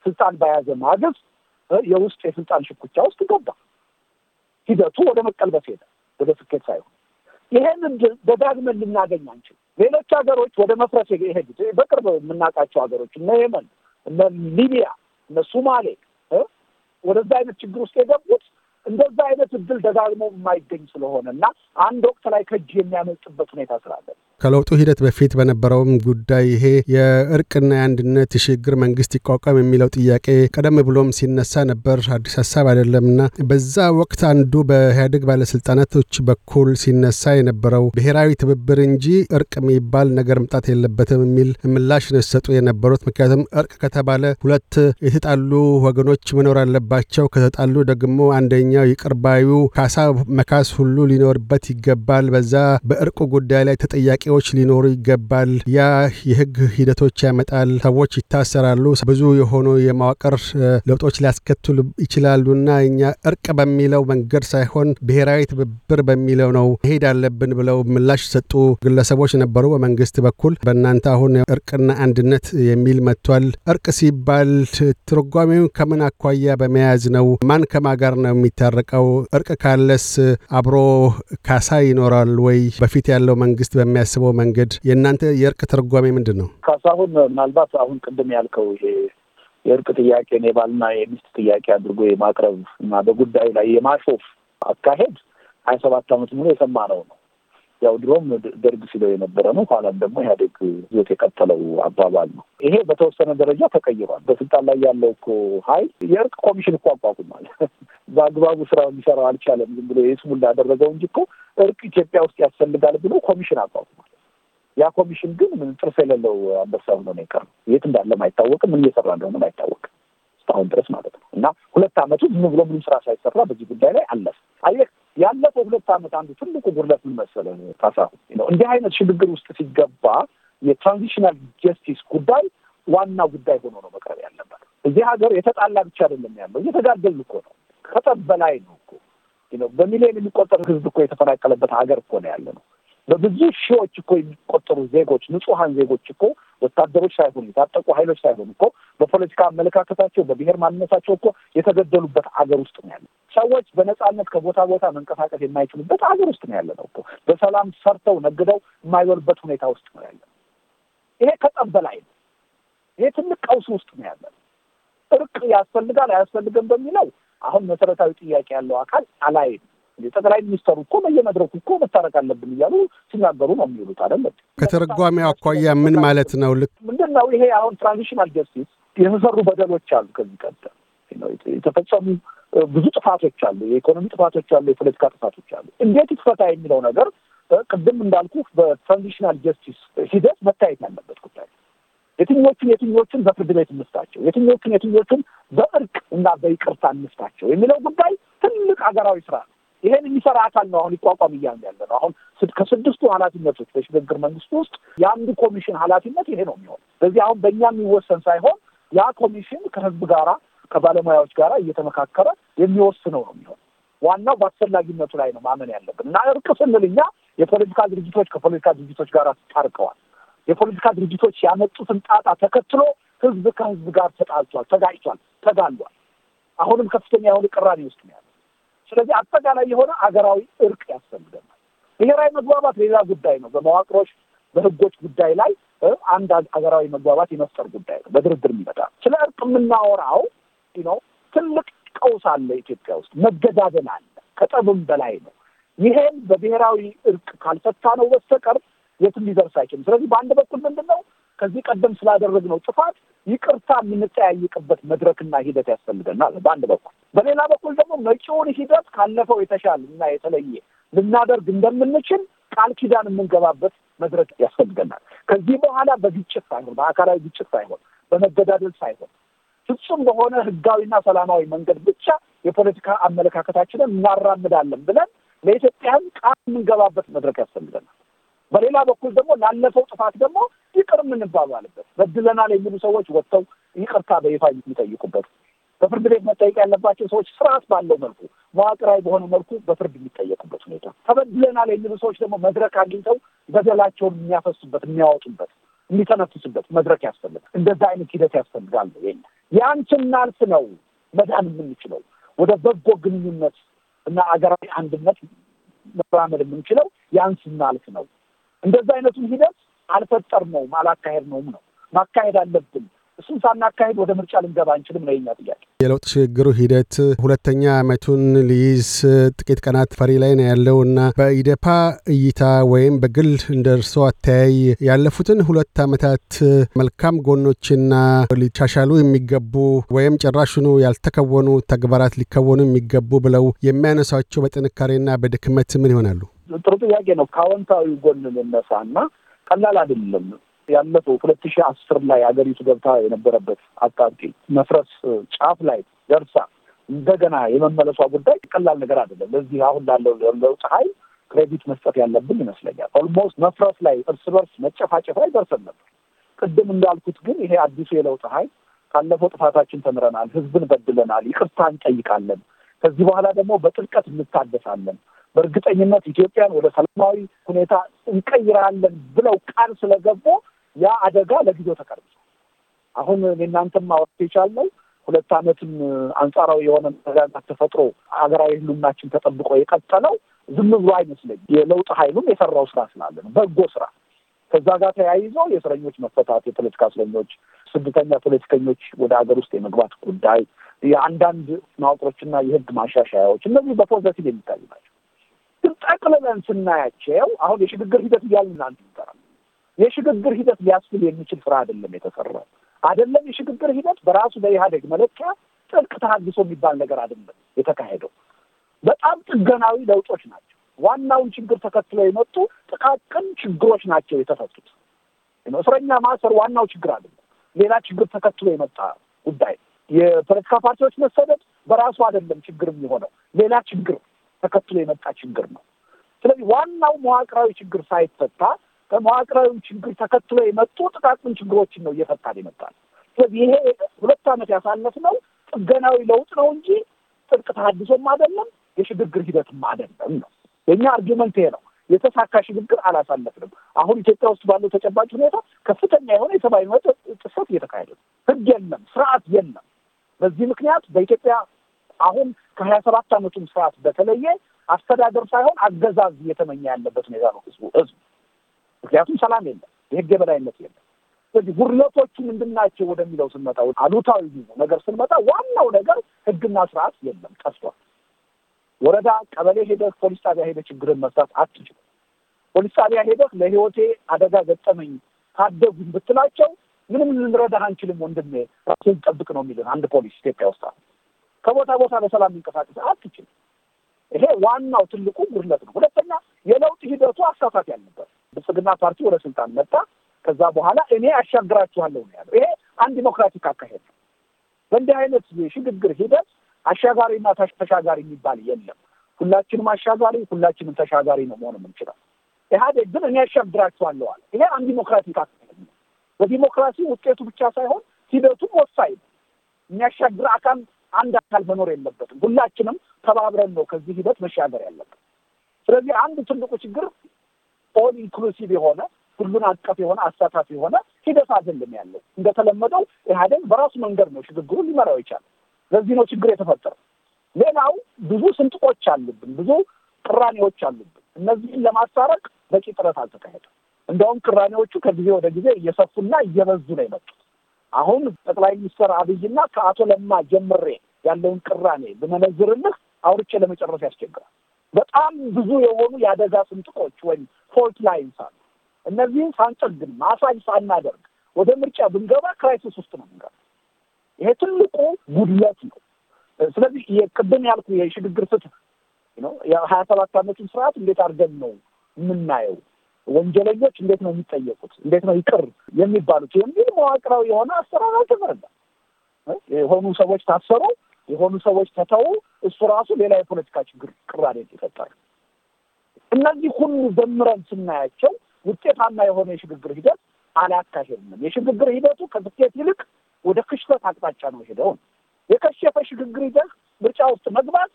ስልጣን በያዘ ማግስት የውስጥ የስልጣን ሽኩቻ ውስጥ ገባ። ሂደቱ ወደ መቀልበስ ሄደ፣ ወደ ስኬት ሳይሆን። ይሄን እድል ደጋግመን ልናገኝ አንችል። ሌሎች ሀገሮች ወደ መፍረስ የሄዱት በቅርብ የምናውቃቸው ሀገሮች እነ የመን፣ እነ ሊቢያ፣ እነ ሱማሌ ወደዛ አይነት ችግር ውስጥ የገቡት እንደዛ አይነት እድል ደጋግሞ የማይገኝ ስለሆነ እና አንድ ወቅት ላይ ከእጅ የሚያመልጥበት ሁኔታ ስላለ ከለውጡ ሂደት በፊት በነበረውም ጉዳይ ይሄ የእርቅና የአንድነት የሽግግር መንግስት ይቋቋም የሚለው ጥያቄ ቀደም ብሎም ሲነሳ ነበር። አዲስ ሀሳብ አይደለምና በዛ ወቅት አንዱ በኢህአዴግ ባለስልጣናቶች በኩል ሲነሳ የነበረው ብሔራዊ ትብብር እንጂ እርቅ የሚባል ነገር መምጣት የለበትም የሚል ምላሽ ነው ሲሰጡ የነበሩት። ምክንያቱም እርቅ ከተባለ ሁለት የተጣሉ ወገኖች መኖር አለባቸው፣ ከተጣሉ ደግሞ አንደኛ ሌላኛው ይቅርባዩ ካሳ መካስ ሁሉ ሊኖርበት ይገባል። በዛ በእርቁ ጉዳይ ላይ ተጠያቂዎች ሊኖሩ ይገባል። ያ የህግ ሂደቶች ያመጣል። ሰዎች ይታሰራሉ። ብዙ የሆኑ የማዋቀር ለውጦች ሊያስከትሉ ይችላሉና እኛ እርቅ በሚለው መንገድ ሳይሆን ብሔራዊ ትብብር በሚለው ነው መሄድ አለብን ብለው ምላሽ ሰጡ ግለሰቦች ነበሩ በመንግስት በኩል። በእናንተ አሁን እርቅና አንድነት የሚል መጥቷል። እርቅ ሲባል ትርጓሜውን ከምን አኳያ በመያዝ ነው? ማን ከማጋር ነው የሚ የሚታረቀው? እርቅ ካለስ አብሮ ካሳ ይኖራል ወይ? በፊት ያለው መንግስት በሚያስበው መንገድ የእናንተ የእርቅ ትርጓሜ ምንድን ነው? ካሳሁን፣ ምናልባት አሁን ቅድም ያልከው ይሄ የእርቅ ጥያቄን የባልና የሚስት ጥያቄ አድርጎ የማቅረብ እና በጉዳዩ ላይ የማሾፍ አካሄድ ሀያ ሰባት ዓመት ሙሉ የሰማነው ነው። ያው ድሮም ደርግ ሲለው የነበረ ነው። ኋላም ደግሞ ኢህአዴግ ይዞት የቀጠለው አባባል ነው። ይሄ በተወሰነ ደረጃ ተቀይሯል። በስልጣን ላይ ያለው እኮ ኃይል የእርቅ ኮሚሽን እኮ አቋቁሟል። በአግባቡ ስራ ሊሰራው አልቻለም። ዝም ብሎ የስሙላ እንዳደረገው እንጂ እኮ እርቅ ኢትዮጵያ ውስጥ ያስፈልጋል ብሎ ኮሚሽን አቋቁሟል። ያ ኮሚሽን ግን ምን ጥርስ የሌለው አንበሳ ሆኖ ነው የቀረው። የት እንዳለም አይታወቅም። ምን እየሰራ እንደሆነም አይታወቅም እስካሁን ድረስ ማለት ነው። እና ሁለት አመቱ ዝም ብሎ ምንም ስራ ሳይሰራ በዚህ ጉዳይ ላይ አለፍ አይ ሁለት ዓመት አንዱ ትልቁ ጉድለት ምን መሰለህ ካሳሁን፣ እንዲህ አይነት ሽግግር ውስጥ ሲገባ የትራንዚሽናል ጀስቲስ ጉዳይ ዋና ጉዳይ ሆኖ ነው መቅረብ ያለበት። እዚህ ሀገር የተጣላ ብቻ አይደለም ያለው፣ እየተጋደል እኮ ነው። ከጠብ በላይ ነው እኮ በሚሊዮን የሚቆጠሩ ህዝብ እኮ የተፈናቀለበት ሀገር እኮ ነው ያለ ነው። በብዙ ሺዎች እኮ የሚቆጠሩ ዜጎች ንጹሐን ዜጎች እኮ ወታደሮች ሳይሆኑ የታጠቁ ኃይሎች ሳይሆኑ እኮ በፖለቲካ አመለካከታቸው፣ በብሔር ማንነታቸው እኮ የተገደሉበት ሀገር ውስጥ ነው ያለ። ሰዎች በነፃነት ከቦታ ቦታ መንቀሳቀስ የማይችሉበት አገር ውስጥ ነው ያለ ነው እኮ። በሰላም ሰርተው ነግደው የማይወልበት ሁኔታ ውስጥ ነው ያለ። ይሄ ከጠብ በላይ ነው። ይሄ ትልቅ ቀውስ ውስጥ ነው ያለ። እርቅ ያስፈልጋል አያስፈልግም በሚለው አሁን መሰረታዊ ጥያቄ ያለው አካል አላይም። የጠቅላይ ሚኒስተሩ እኮ በየመድረኩ እኮ መታረቅ አለብን እያሉ ሲናገሩ ነው የሚውሉት። አይደለም ከተረጓሚ አኳያ ምን ማለት ነው? ልክ ምንድን ነው ይሄ አሁን ትራንዚሽናል ጀስቲስ የተሰሩ በደሎች አሉ ከዚህ ቀደም የተፈጸሙ ብዙ ጥፋቶች አሉ፣ የኢኮኖሚ ጥፋቶች አሉ፣ የፖለቲካ ጥፋቶች አሉ። እንዴት ይፈታ የሚለው ነገር ቅድም እንዳልኩ በትራንዚሽናል ጀስቲስ ሂደት መታየት ያለበት ጉዳይ የትኞቹን የትኞቹን በፍርድ ቤት እንፍታቸው፣ የትኞቹን የትኞቹን በእርቅ እና በይቅርታ እንፍታቸው የሚለው ጉዳይ ትልቅ ሀገራዊ ስራ ነው። ይሄን የሚሰራ አካል ነው አሁን ይቋቋም እያልን ያለ ነው። አሁን ከስድስቱ ኃላፊነቶች በሽግግር መንግስት ውስጥ የአንዱ ኮሚሽን ኃላፊነት ይሄ ነው የሚሆን። በዚህ አሁን በእኛ የሚወሰን ሳይሆን ያ ኮሚሽን ከህዝብ ጋራ ከባለሙያዎች ጋር እየተመካከረ የሚወስነው ነው የሚሆን። ዋናው በአስፈላጊነቱ ላይ ነው ማመን ያለብን እና እርቅ ስንል እኛ የፖለቲካ ድርጅቶች ከፖለቲካ ድርጅቶች ጋር ታርቀዋል። የፖለቲካ ድርጅቶች ያመጡትን ጣጣ ተከትሎ ህዝብ ከህዝብ ጋር ተጣልቷል፣ ተጋጭቷል፣ ተጋሏል። አሁንም ከፍተኛ የሆነ ቅራኔ ውስጥ ነው ያለ። ስለዚህ አጠቃላይ የሆነ አገራዊ እርቅ ያስፈልገናል። ብሔራዊ መግባባት ሌላ ጉዳይ ነው። በመዋቅሮች በህጎች ጉዳይ ላይ አንድ ሀገራዊ መግባባት የመፍጠር ጉዳይ ነው፣ በድርድር የሚመጣ ስለ እርቅ የምናወራው ነው። ትልቅ ቀውስ አለ ኢትዮጵያ ውስጥ፣ መገዳደል አለ፣ ከጠብም በላይ ነው። ይሄን በብሔራዊ እርቅ ካልፈታ ነው በስተቀር የትም ሊደርስ አይችልም። ስለዚህ በአንድ በኩል ምንድን ነው ከዚህ ቀደም ስላደረግነው ጥፋት ይቅርታ የምንጠያይቅበት መድረክና ሂደት ያስፈልገናል በአንድ በኩል። በሌላ በኩል ደግሞ መጪውን ሂደት ካለፈው የተሻለ እና የተለየ ልናደርግ እንደምንችል ቃል ኪዳን የምንገባበት መድረክ ያስፈልገናል። ከዚህ በኋላ በግጭት ሳይሆን፣ በአካላዊ ግጭት ሳይሆን፣ በመገዳደል ሳይሆን ፍጹም በሆነ ህጋዊና ሰላማዊ መንገድ ብቻ የፖለቲካ አመለካከታችንን እናራምዳለን ብለን ለኢትዮጵያን ቃል የምንገባበት መድረክ ያስፈልገናል። በሌላ በኩል ደግሞ ላለፈው ጥፋት ደግሞ ይቅር የምንባባልበት በድለናል የሚሉ ሰዎች ወጥተው ይቅርታ በይፋ የሚጠይቁበት በፍርድ ቤት መጠየቅ ያለባቸው ሰዎች ስርዓት ባለው መልኩ መዋቅራዊ በሆነ መልኩ በፍርድ የሚጠየቁበት ሁኔታ፣ ተበድለናል የሚሉ ሰዎች ደግሞ መድረክ አግኝተው በደላቸውን የሚያፈሱበት፣ የሚያወጡበት፣ የሚተነፍሱበት መድረክ ያስፈልጋል። እንደዛ አይነት ሂደት ያስፈልጋል። ያን ስናልፍ ነው መዳን የምንችለው ወደ በጎ ግንኙነት እና አገራዊ አንድነት መራመድ የምንችለው ያን ስናልፍ ነው። እንደዛ አይነቱን ሂደት አልፈጠር ነውም አላካሄድ ነውም ነው ማካሄድ አለብን። እሱን ሳናካሄድ ወደ ምርጫ ልንገባ አንችልም ነው የኛ ጥያቄ። የለውጥ ሽግግሩ ሂደት ሁለተኛ ዓመቱን ሊይዝ ጥቂት ቀናት ፈሪ ላይ ነው ያለው እና በኢደፓ እይታ ወይም በግል እርሶ አተያይ ያለፉትን ሁለት ዓመታት መልካም ጎኖችና ሊሻሻሉ የሚገቡ ወይም ጭራሹኑ ያልተከወኑ ተግባራት ሊከወኑ የሚገቡ ብለው የሚያነሷቸው በጥንካሬና በድክመት ምን ይሆናሉ? ጥሩ ጥያቄ ነው። ከአዎንታዊ ጎን ልነሳ እና ቀላል አይደለም። ያለፈው ሁለት ሺህ አስር ላይ ሀገሪቱ ገብታ የነበረበት አጣብቂኝ መፍረስ ጫፍ ላይ ደርሳ እንደገና የመመለሷ ጉዳይ ቀላል ነገር አይደለም። ለዚህ አሁን ላለው ለውጥ ፀሐይ ክሬዲት መስጠት ያለብን ይመስለኛል። ኦልሞስት መፍረስ ላይ እርስ በርስ መጨፋጨፍ ላይ ደርሰን ነበር። ቅድም እንዳልኩት ግን ይሄ አዲሱ የለውጥ ኃይል ካለፈው ጥፋታችን ተምረናል፣ ህዝብን በድለናል፣ ይቅርታ እንጠይቃለን፣ ከዚህ በኋላ ደግሞ በጥልቀት እንታደሳለን፣ በእርግጠኝነት ኢትዮጵያን ወደ ሰላማዊ ሁኔታ እንቀይራለን ብለው ቃል ስለገቡ ያ አደጋ ለጊዜው ተቀርብሷል። አሁን የእናንተም ማወቅ የቻልነው ሁለት ዓመትም አንጻራዊ የሆነ መረጋጋት ተፈጥሮ አገራዊ ህልውናችን ተጠብቆ የቀጠለው ዝም ብሎ አይመስለኝም። የለውጥ ኃይሉም የሰራው ስራ ስላለ ነው፣ በጎ ስራ። ከዛ ጋር ተያይዞ የእስረኞች መፈታት፣ የፖለቲካ እስረኞች፣ ስደተኛ ፖለቲከኞች ወደ ሀገር ውስጥ የመግባት ጉዳይ፣ የአንዳንድ መዋቅሮችና የህግ ማሻሻያዎች፣ እነዚህ በፖዘቲቭ የሚታዩ ናቸው። ግን ጠቅልለን ስናያቸው አሁን የሽግግር ሂደት እያልን እናንተ ይጠራል የሽግግር ሂደት ሊያስብል የሚችል ስራ አይደለም የተሰራው። አይደለም የሽግግር ሂደት በራሱ በኢህአዴግ መለኪያ ጥልቅ ተሃድሶ የሚባል ነገር አይደለም የተካሄደው። በጣም ጥገናዊ ለውጦች ናቸው። ዋናውን ችግር ተከትለው የመጡ ጥቃቅን ችግሮች ናቸው የተፈቱት። እስረኛ ማሰር ዋናው ችግር አይደለም፣ ሌላ ችግር ተከትሎ የመጣ ጉዳይ። የፖለቲካ ፓርቲዎች መሰደድ በራሱ አይደለም ችግር የሆነው፣ ሌላ ችግር ተከትሎ የመጣ ችግር ነው። ስለዚህ ዋናው መዋቅራዊ ችግር ሳይፈታ ከመዋቅራዊ ችግር ተከትሎ የመጡ ጥቃቅን ችግሮችን ነው እየፈታን ይመጣል። ስለዚህ ይሄ ሁለት ዓመት ያሳለፍነው ጥገናዊ ለውጥ ነው እንጂ ጥልቅ ተሀድሶም አይደለም የሽግግር ሂደትም አይደለም ነው የእኛ አርጊመንት ይሄ ነው። የተሳካ ሽግግር አላሳለፍንም። አሁን ኢትዮጵያ ውስጥ ባለው ተጨባጭ ሁኔታ ከፍተኛ የሆነ የሰብአዊ መብት ጥሰት እየተካሄደ ነው። ህግ የለም፣ ስርዓት የለም። በዚህ ምክንያት በኢትዮጵያ አሁን ከሀያ ሰባት ዓመቱም ስርዓት በተለየ አስተዳደር ሳይሆን አገዛዝ እየተመኘ ያለበት ሁኔታ ነው ህዝቡ ህዝቡ ምክንያቱም ሰላም የለም፣ የህግ የበላይነት የለም። ስለዚህ ጉድለቶቹ ምንድን ናቸው ወደሚለው ስንመጣ አሉታዊ ነገር ስንመጣ ዋናው ነገር ህግና ስርዓት የለም፣ ጠፍቷል። ወረዳ ቀበሌ ሄደህ ፖሊስ ጣቢያ ሄደህ ችግርን መፍታት አትችልም። ፖሊስ ጣቢያ ሄደህ ለህይወቴ አደጋ ገጠመኝ ታደጉኝ ብትላቸው ምንም ልንረዳህ አንችልም ወንድሜ፣ ራስህን ጠብቅ ነው የሚልን አንድ ፖሊስ ኢትዮጵያ ውስጥ ከቦታ ቦታ በሰላም የሚንቀሳቀስ አትችልም። ይሄ ዋናው ትልቁ ጉድለት ነው። ሁለተኛ የለውጥ ሂደቱ አሳሳት ያለበት ብልጽግና ፓርቲ ወደ ስልጣን መጣ። ከዛ በኋላ እኔ አሻግራችኋለሁ ነው ያለው። ይሄ አንድ ዲሞክራቲክ አካሄድ ነው። በእንዲህ አይነት የሽግግር ሂደት አሻጋሪና ተሻጋሪ የሚባል የለም። ሁላችንም አሻጋሪ፣ ሁላችንም ተሻጋሪ ነው መሆን የምንችለው። ኢህአዴግ ግን እኔ አሻግራችኋለሁ አለ። ይሄ አንድ ዲሞክራቲክ አካሄድ ነው። በዲሞክራሲ ውጤቱ ብቻ ሳይሆን ሂደቱም ወሳኝ ነው። የሚያሻግር አካል አንድ አካል መኖር የለበትም። ሁላችንም ተባብረን ነው ከዚህ ሂደት መሻገር ያለብን። ስለዚህ አንድ ትልቁ ችግር ኦል ኢንክሉሲቭ የሆነ ሁሉን አቀፍ የሆነ አሳታፊ የሆነ ሂደት አይደለም ያለው። እንደተለመደው ኢህአዴግ በራሱ መንገድ ነው ሽግግሩ ሊመራው ይቻላል። ለዚህ ነው ችግር የተፈጠረው። ሌላው ብዙ ስንጥቆች አሉብን፣ ብዙ ቅራኔዎች አሉብን። እነዚህን ለማሳረቅ በቂ ጥረት አልተካሄደም። እንደውም ቅራኔዎቹ ከጊዜ ወደ ጊዜ እየሰፉና እየበዙ ነው የመጡት። አሁን ጠቅላይ ሚኒስትር አብይና ከአቶ ለማ ጀምሬ ያለውን ቅራኔ ብመነዝርልህ አውርቼ ለመጨረስ ያስቸግራል። በጣም ብዙ የሆኑ የአደጋ ስንጥቆች ወይም ፎልት ላይንስ አሉ። እነዚህን ሳንጠግን ማሳጅ ሳናደርግ ወደ ምርጫ ብንገባ ክራይሲስ ውስጥ ነው ምንገባ። ይሄ ትልቁ ጉድለት ነው። ስለዚህ የቅድም ያልኩ የሽግግር ፍትህ ነው። የሀያ ሰባት ዓመቱን ስርዓት እንዴት አድርገን ነው የምናየው? ወንጀለኞች እንዴት ነው የሚጠየቁት? እንዴት ነው ይቅር የሚባሉት? የሚል መዋቅራዊ የሆነ አሰራር አልተዘረጋም። የሆኑ ሰዎች ታሰሩ፣ የሆኑ ሰዎች ተተው እሱ ራሱ ሌላ የፖለቲካ ችግር ቅራኔ ይፈጠር። እነዚህ ሁሉ ደምረን ስናያቸው ውጤታማ የሆነ የሽግግር ሂደት አላካሄድንም። የሽግግር ሂደቱ ከስኬት ይልቅ ወደ ክሽፈት አቅጣጫ ነው ሄደው። የከሸፈ ሽግግር ሂደት ምርጫ ውስጥ መግባት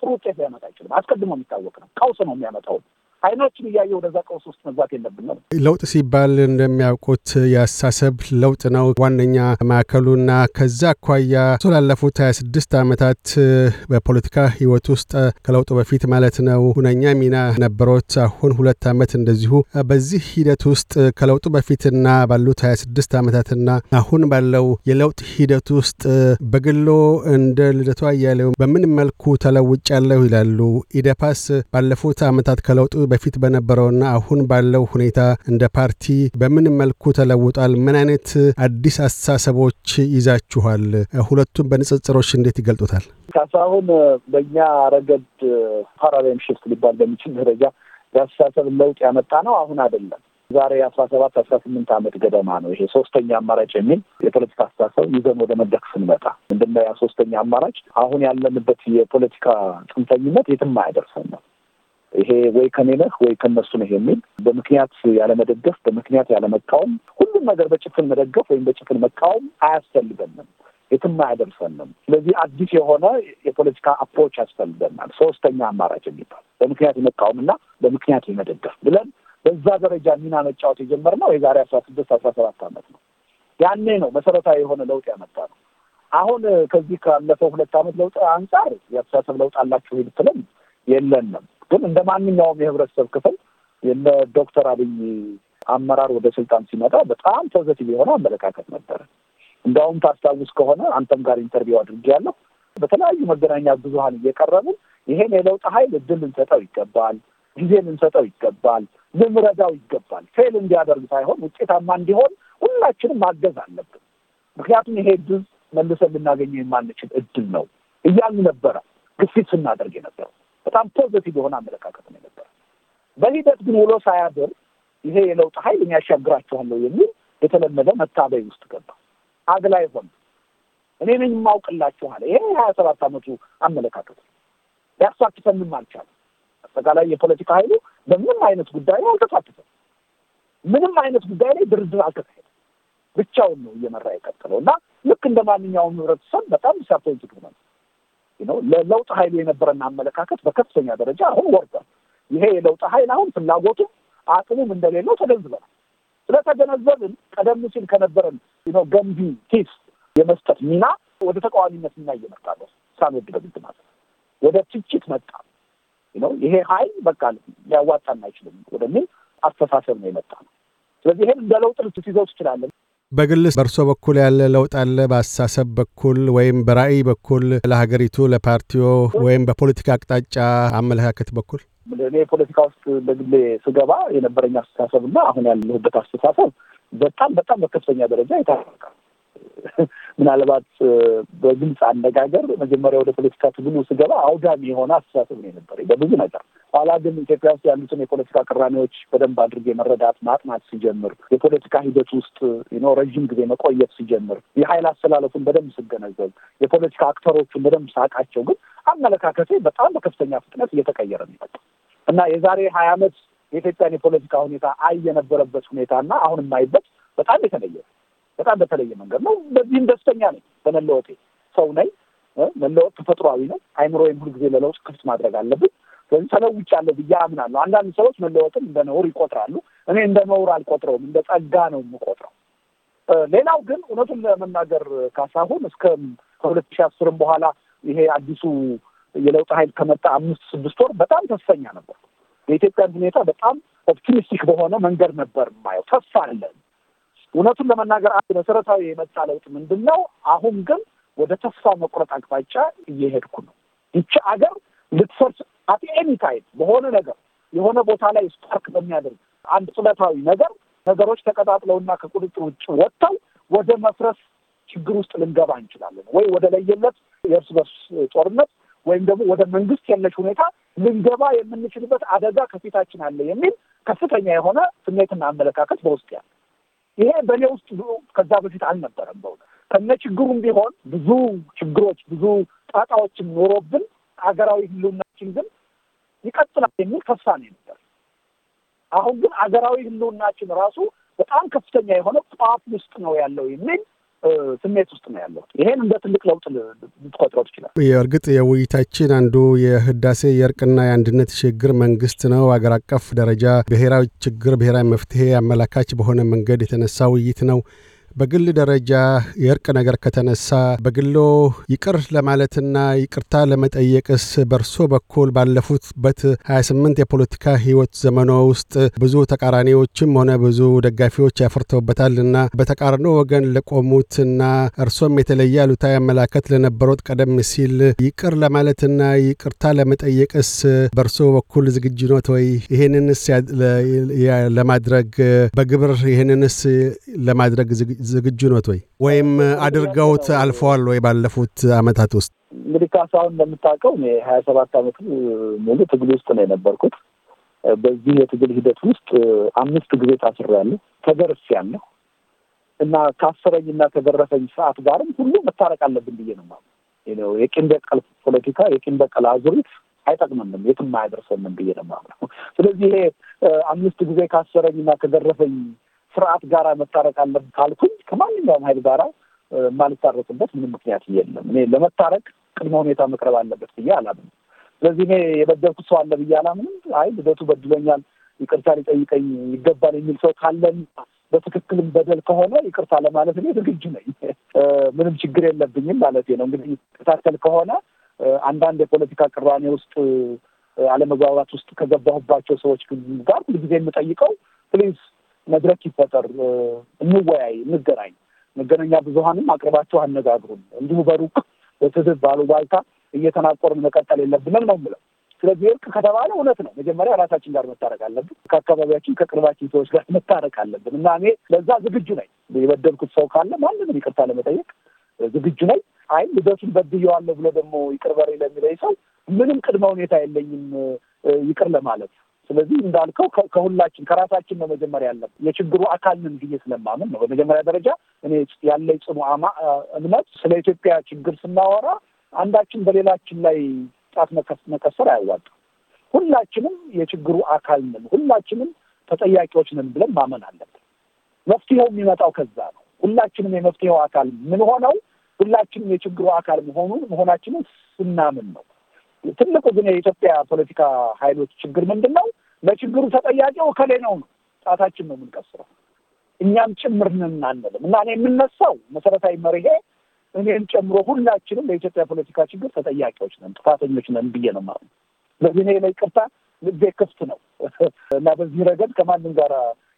ጥሩ ውጤት ሊያመጣ አይችልም። አስቀድሞ የሚታወቅ ነው። ቀውስ ነው የሚያመጣው። አይኖችን እያየ ወደዛ ቀውስ ውስጥ መግባት የለብንም። ለውጥ ሲባል እንደሚያውቁት የአስተሳሰብ ለውጥ ነው ዋነኛ ማዕከሉና ከዛ አኳያ ላለፉት ሀያ ስድስት አመታት በፖለቲካ ህይወት ውስጥ ከለውጡ በፊት ማለት ነው ሁነኛ ሚና ነበሮት። አሁን ሁለት ዓመት እንደዚሁ በዚህ ሂደት ውስጥ ከለውጡ በፊትና ባሉት ሀያ ስድስት አመታትና አሁን ባለው የለውጥ ሂደት ውስጥ በግሎ እንደ ልደቱ አያሌው በምን መልኩ ተለውጫለሁ ይላሉ? ኢደፓስ ባለፉት አመታት ከለውጡ በፊት በነበረውና አሁን ባለው ሁኔታ እንደ ፓርቲ በምን መልኩ ተለውጧል? ምን አይነት አዲስ አስተሳሰቦች ይዛችኋል? ሁለቱም በንጽጽሮች እንዴት ይገልጡታል? ካሳሁን፣ በእኛ ረገድ ፓራዳይም ሽፍት ሊባል በሚችል ደረጃ የአስተሳሰብ ለውጥ ያመጣ ነው አሁን አይደለም። ዛሬ አስራ ሰባት አስራ ስምንት ዓመት ገደማ ነው ይሄ ሶስተኛ አማራጭ የሚል የፖለቲካ አስተሳሰብ ይዘን ወደ መድረክ ስንመጣ ምንድነው ያ ሶስተኛ አማራጭ አሁን ያለንበት የፖለቲካ ጽንፈኝነት የትም አያደርሰን ነው ይሄ ወይ ከኔ ነህ ወይ ከነሱ ነህ የሚል በምክንያት ያለመደገፍ፣ በምክንያት ያለመቃወም፣ ሁሉም ነገር በጭፍን መደገፍ ወይም በጭፍን መቃወም አያስፈልገንም፣ የትም አያደርሰንም። ስለዚህ አዲስ የሆነ የፖለቲካ አፕሮች ያስፈልገናል። ሶስተኛ አማራጭ የሚባል በምክንያት የመቃወምና በምክንያት የመደገፍ ብለን በዛ ደረጃ ሚና መጫወት የጀመርነው የዛሬ አስራ ስድስት አስራ ሰባት ዓመት ነው። ያኔ ነው መሰረታዊ የሆነ ለውጥ ያመጣ ነው። አሁን ከዚህ ካለፈው ሁለት ዓመት ለውጥ አንጻር የአስተሳሰብ ለውጥ አላችሁ ብትለን የለንም። ግን እንደ ማንኛውም የህብረተሰብ ክፍል የነ ዶክተር አብይ አመራር ወደ ስልጣን ሲመጣ በጣም ፖዘቲቭ የሆነ አመለካከት ነበረ። እንዲያውም ታስታውስ ከሆነ አንተም ጋር ኢንተርቪው አድርጌያለሁ። በተለያዩ መገናኛ ብዙሀን እየቀረብን ይሄን የለውጥ ኃይል እድል ልንሰጠው ይገባል፣ ጊዜ ልንሰጠው ይገባል፣ ልምረዳው ይገባል። ፌል እንዲያደርግ ሳይሆን ውጤታማ እንዲሆን ሁላችንም ማገዝ አለብን። ምክንያቱም ይሄ እድል መልሰን ልናገኘው የማንችል እድል ነው እያሉ ነበረ ግፊት ስናደርግ የነበረው በጣም ፖዘቲቭ የሆነ አመለካከት ነው የነበረ። በሂደት ግን ውሎ ሳያድር ይሄ የለውጥ ኃይል ያሻግራችኋለሁ የሚል የተለመደ መታበይ ውስጥ ገባ። አግላይ ሆን እኔ ነኝ የማውቅላችሁ አለ። ይሄ የሀያ ሰባት ዓመቱ አመለካከት ሊያሳትፈንም አልቻለም። አጠቃላይ የፖለቲካ ኃይሉ በምንም አይነት ጉዳይ ላይ አልተሳተፈም። ምንም አይነት ጉዳይ ላይ ድርድር አልተካሄደም። ብቻውን ነው እየመራ የቀጠለው እና ልክ እንደ ማንኛውም ህብረተሰብ በጣም ዲስአፖይንትድ ነው ነው። ለለውጥ ኃይሉ የነበረን አመለካከት በከፍተኛ ደረጃ አሁን ወርዷል። ይሄ የለውጥ ኃይል አሁን ፍላጎቱም አቅሙም እንደሌለው ተገንዝበናል። ስለተገነዘብን ቀደም ሲል ከነበረን ነው ገንቢ ቲስ የመስጠት ሚና ወደ ተቃዋሚነት ሚና እየመጣ ነው። ሳንወድ በግድ ማለት ወደ ትችት መጣ ነው። ይሄ ኃይል በቃ ሊያዋጣን አይችልም ወደሚል አስተሳሰብ ነው የመጣ ነው። ስለዚህ ይህን እንደ ለውጥ ልትይዘው ትችላለን። በግል በእርሶ በኩል ያለ ለውጥ አለ? በአስተሳሰብ በኩል ወይም በራዕይ በኩል ለሀገሪቱ፣ ለፓርቲዎ ወይም በፖለቲካ አቅጣጫ አመለካከት በኩል? እኔ ፖለቲካ ውስጥ በግሌ ስገባ የነበረኝ አስተሳሰብ እና አሁን ያለሁበት አስተሳሰብ በጣም በጣም በከፍተኛ ደረጃ የታ ምናልባት በግልጽ አነጋገር መጀመሪያ ወደ ፖለቲካ ትግሉ ስገባ አውዳሚ የሆነ አስተሳሰብ ነው የነበረኝ በብዙ ነገር። ኋላ ግን ኢትዮጵያ ውስጥ ያሉትን የፖለቲካ ቅራኔዎች በደንብ አድርጌ መረዳት ማጥናት ሲጀምር፣ የፖለቲካ ሂደት ውስጥ ረዥም ጊዜ መቆየት ሲጀምር፣ የሀይል አስተላለፉን በደንብ ስገነዘብ፣ የፖለቲካ አክተሮቹን በደንብ ሳቃቸው፣ ግን አመለካከቴ በጣም በከፍተኛ ፍጥነት እየተቀየረ ነው ይመጣ እና የዛሬ ሀያ ዓመት የኢትዮጵያን የፖለቲካ ሁኔታ አይ የነበረበት ሁኔታና አሁን የማይበት በጣም የተለየ በጣም በተለየ መንገድ ነው። በዚህም ደስተኛ ነኝ። በመለወጤ ሰው ነኝ። መለወጥ ተፈጥሯዊ ነው። አይምሮዬም ሁልጊዜ ለለውጥ ክፍት ማድረግ አለብን። ስለዚህ ተለውጫለሁ ብዬ አምናለሁ። አንዳንድ ሰዎች መለወጥን እንደ ነውር ይቆጥራሉ። እኔ እንደ ነውር አልቆጥረውም፣ እንደ ጸጋ ነው የምቆጥረው። ሌላው ግን እውነቱን ለመናገር ካሳሁን እስከ ከሁለት ሺህ አስርም በኋላ ይሄ አዲሱ የለውጥ ኃይል ከመጣ አምስት ስድስት ወር በጣም ተስፈኛ ነበር። የኢትዮጵያን ሁኔታ በጣም ኦፕቲሚስቲክ በሆነ መንገድ ነበር የማየው። ተስፋ አለን እውነቱን ለመናገር አንድ መሰረታዊ የመጣ ለውጥ ምንድን ነው? አሁን ግን ወደ ተስፋ መቁረጥ አቅጣጫ እየሄድኩ ነው። ይቺ አገር ልትፈርስ አት ኤኒ ታይም በሆነ ነገር የሆነ ቦታ ላይ ስፓርክ በሚያደርግ አንድ ጥለታዊ ነገር ነገሮች ተቀጣጥለውና ከቁጥጥር ውጭ ወጥተው ወደ መፍረስ ችግር ውስጥ ልንገባ እንችላለን ወይ ወደ ለየለት የእርስ በርስ ጦርነት ወይም ደግሞ ወደ መንግስት የለሽ ሁኔታ ልንገባ የምንችልበት አደጋ ከፊታችን አለ የሚል ከፍተኛ የሆነ ስሜትና አመለካከት በውስጥ ያለ ይሄ በእኔ ውስጥ ከዛ በፊት አልነበረም። በእውነት ከነ ችግሩም ቢሆን ብዙ ችግሮች ብዙ ጣጣዎችን ኖሮብን አገራዊ ህልውናችን ግን ይቀጥላል የሚል ተስፋ ነው ነበር። አሁን ግን አገራዊ ህልውናችን ራሱ በጣም ከፍተኛ የሆነ ጧፍ ውስጥ ነው ያለው የሚል ስሜት ውስጥ ነው ያለው። ይሄን እንደ ትልቅ ለውጥ ልትቆጥረው ትችላል። የእርግጥ የውይይታችን አንዱ የህዳሴ የእርቅና የአንድነት ሽግግር መንግስት ነው አገር አቀፍ ደረጃ ብሔራዊ ችግር ብሔራዊ መፍትሄ አመላካች በሆነ መንገድ የተነሳ ውይይት ነው። በግል ደረጃ የእርቅ ነገር ከተነሳ በግሎ ይቅር ለማለትና ይቅርታ ለመጠየቅስ በርሶ በኩል በት 28 የፖለቲካ ህይወት ዘመኖ ውስጥ ብዙ ተቃራኒዎችም ሆነ ብዙ ደጋፊዎች ያፈርተውበታል እና በተቃርኖ ወገን ለቆሙትና እርሶም የተለየ አሉታ ያመላከት ለነበሩት ቀደም ሲል ይቅር ለማለትና ይቅርታ ለመጠየቅስ በርሶ በኩል ዝግጁ ወይ? ይህንንስ ለማድረግ በግብር ይህንንስ ለማድረግ ዝግጁ ነት ወይ ወይም አድርገውት አልፈዋል ወይ? ባለፉት አመታት ውስጥ እንግዲህ ካሳሁን እንደምታውቀው እኔ ሀያ ሰባት አመቱ ሙሉ ትግል ውስጥ ነው የነበርኩት። በዚህ የትግል ሂደት ውስጥ አምስት ጊዜ ታስሬያለሁ፣ ተገርፌያለሁ እና ካሰረኝ እና ከገረፈኝ ሰዓት ጋርም ሁሉ መታረቅ አለብን ብዬ ነው ነው የቂም በቀል ፖለቲካ የቂም በቀል አዙሪት አይጠቅምንም፣ የትም አያደርሰንም ብዬ ነው ማለት ነው። ስለዚህ ይሄ አምስት ጊዜ ካሰረኝ እና ከገረፈኝ ስርዓት ጋር መታረቅ አለብን ካልኩኝ ከማንኛውም ሀይል ጋራ የማልታረቅበት ምንም ምክንያት የለም። እኔ ለመታረቅ ቅድመ ሁኔታ መቅረብ አለበት ብዬ አላምን። ስለዚህ እኔ የበደልኩት ሰው አለ ብዬ አላምንም። አይ ልደቱ በድሎኛል ይቅርታ ሊጠይቀኝ ይገባል የሚል ሰው ካለን በትክክልም በደል ከሆነ ይቅርታ ለማለት እኔ ዝግጁ ነኝ። ምንም ችግር የለብኝም ማለት ነው። እንግዲህ ይከታተል ከሆነ አንዳንድ የፖለቲካ ቅራኔ ውስጥ አለመግባባት ውስጥ ከገባሁባቸው ሰዎች ጋር ሁልጊዜ የምጠይቀው ፕሊዝ መድረክ ይፈጠር፣ እንወያይ፣ እንገናኝ። መገናኛ ብዙሀንም አቅርባቸው አነጋግሩን። እንዲሁ በሩቅ በስድብ ባልታ እየተናቆርን መቀጠል የለብንም ነው የምለው። ስለዚህ እርቅ ከተባለ እውነት ነው፣ መጀመሪያ ራሳችን ጋር መታረቅ አለብን። ከአካባቢያችን ከቅርባችን ሰዎች ጋር መታረቅ አለብን እና እኔ ለዛ ዝግጁ ነኝ። የበደልኩት ሰው ካለ ማንንም ይቅርታ ለመጠየቅ ዝግጁ ነኝ። አይ ልደቱን በድየዋለሁ ብሎ ደግሞ ይቅር በሬ ለሚለኝ ሰው ምንም ቅድመ ሁኔታ የለኝም ይቅር ለማለት ስለዚህ እንዳልከው ከሁላችን ከራሳችን ነው መጀመሪያ የችግሩ አካል ምን ብዬ ስለማምን ነው። በመጀመሪያ ደረጃ እኔ ያለ ጽኑ እምነት ስለ ኢትዮጵያ ችግር ስናወራ አንዳችን በሌላችን ላይ ጣት መቀሰር አያዋጣም። ሁላችንም የችግሩ አካል ነን፣ ሁላችንም ተጠያቂዎች ነን ብለን ማመን አለብን። መፍትሄው የሚመጣው ከዛ ነው። ሁላችንም የመፍትሄው አካል ምን ሆነው ሁላችንም የችግሩ አካል መሆኑን መሆናችንን ስናምን ነው። ትልቁ ግን የኢትዮጵያ ፖለቲካ ኃይሎች ችግር ምንድን ነው? ለችግሩ ተጠያቂው እከሌ ነው ነው ጣታችን ነው የምንቀስረው እኛም ጭምር እናንልም እና እኔ የምነሳው መሰረታዊ መርሄ እኔም ጨምሮ ሁላችንም ለኢትዮጵያ ፖለቲካ ችግር ተጠያቂዎች ነን፣ ጥፋተኞች ነን ብዬ ነው ማለት በዚህ እኔ ለይቅርታ ልቤ ክፍት ነው እና በዚህ ረገድ ከማንም ጋር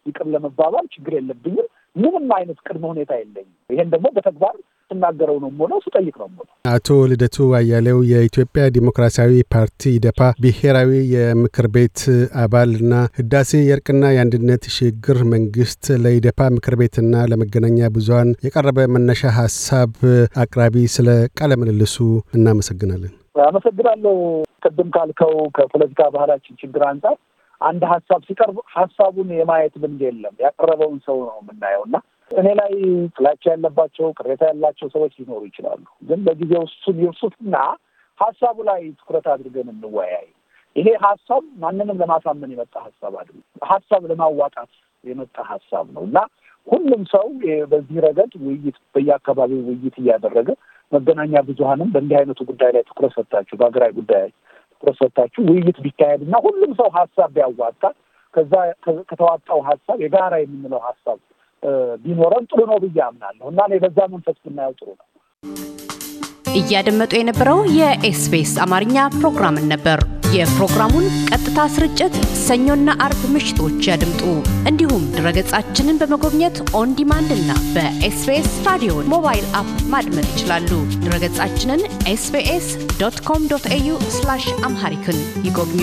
ይቅር ለመባባል ችግር የለብኝም። ምንም አይነት ቅድመ ሁኔታ የለኝም። ይሄን ደግሞ በተግባር ስናገረው ነው ሆነው ስጠይቅ ነው ሆነው። አቶ ልደቱ አያሌው የኢትዮጵያ ዲሞክራሲያዊ ፓርቲ ኢደፓ ብሔራዊ የምክር ቤት አባልና ህዳሴ የእርቅና የአንድነት ሽግግር መንግስት ለኢደፓ ምክር ቤትና ለመገናኛ ብዙሀን የቀረበ መነሻ ሀሳብ አቅራቢ፣ ስለ ቃለ ምልልሱ እናመሰግናለን። አመሰግናለሁ። ቅድም ካልከው ከፖለቲካ ባህላችን ችግር አንጻር አንድ ሀሳብ ሲቀርብ ሀሳቡን የማየት ልምድ የለም። ያቀረበውን ሰው ነው የምናየው እና እኔ ላይ ጥላቻ ያለባቸው ቅሬታ ያላቸው ሰዎች ሊኖሩ ይችላሉ። ግን ለጊዜው እሱን ይርሱትና ሀሳቡ ላይ ትኩረት አድርገን እንወያይ። ይሄ ሀሳብ ማንንም ለማሳመን የመጣ ሀሳብ አይደለም። ሀሳብ ለማዋጣት የመጣ ሀሳብ ነው እና ሁሉም ሰው በዚህ ረገድ ውይይት በየአካባቢው ውይይት እያደረገ መገናኛ ብዙኃንም በእንዲህ አይነቱ ጉዳይ ላይ ትኩረት ሰጥታችሁ በሀገራዊ ጉዳይ ትኩረት ሰጥታችሁ ውይይት ቢካሄድ እና ሁሉም ሰው ሀሳብ ቢያዋጣ ከዛ ከተዋጣው ሀሳብ የጋራ የምንለው ሀሳብ ቢኖረን ጥሩ ነው ብዬ አምናለሁ እና በዛ መንፈስ ብናየው ጥሩ ነው። እያደመጡ የነበረው የኤስቢኤስ አማርኛ ፕሮግራምን ነበር። የፕሮግራሙን ቀጥታ ስርጭት ሰኞና አርብ ምሽቶች ያድምጡ። እንዲሁም ድረገጻችንን በመጎብኘት ኦን ዲማንድ እና በኤስቢኤስ ራዲዮ ሞባይል አፕ ማድመጥ ይችላሉ። ድረገጻችንን ኤስቢኤስ ዶት ኮም ዶት ኤዩ አምሃሪክን ይጎብኙ።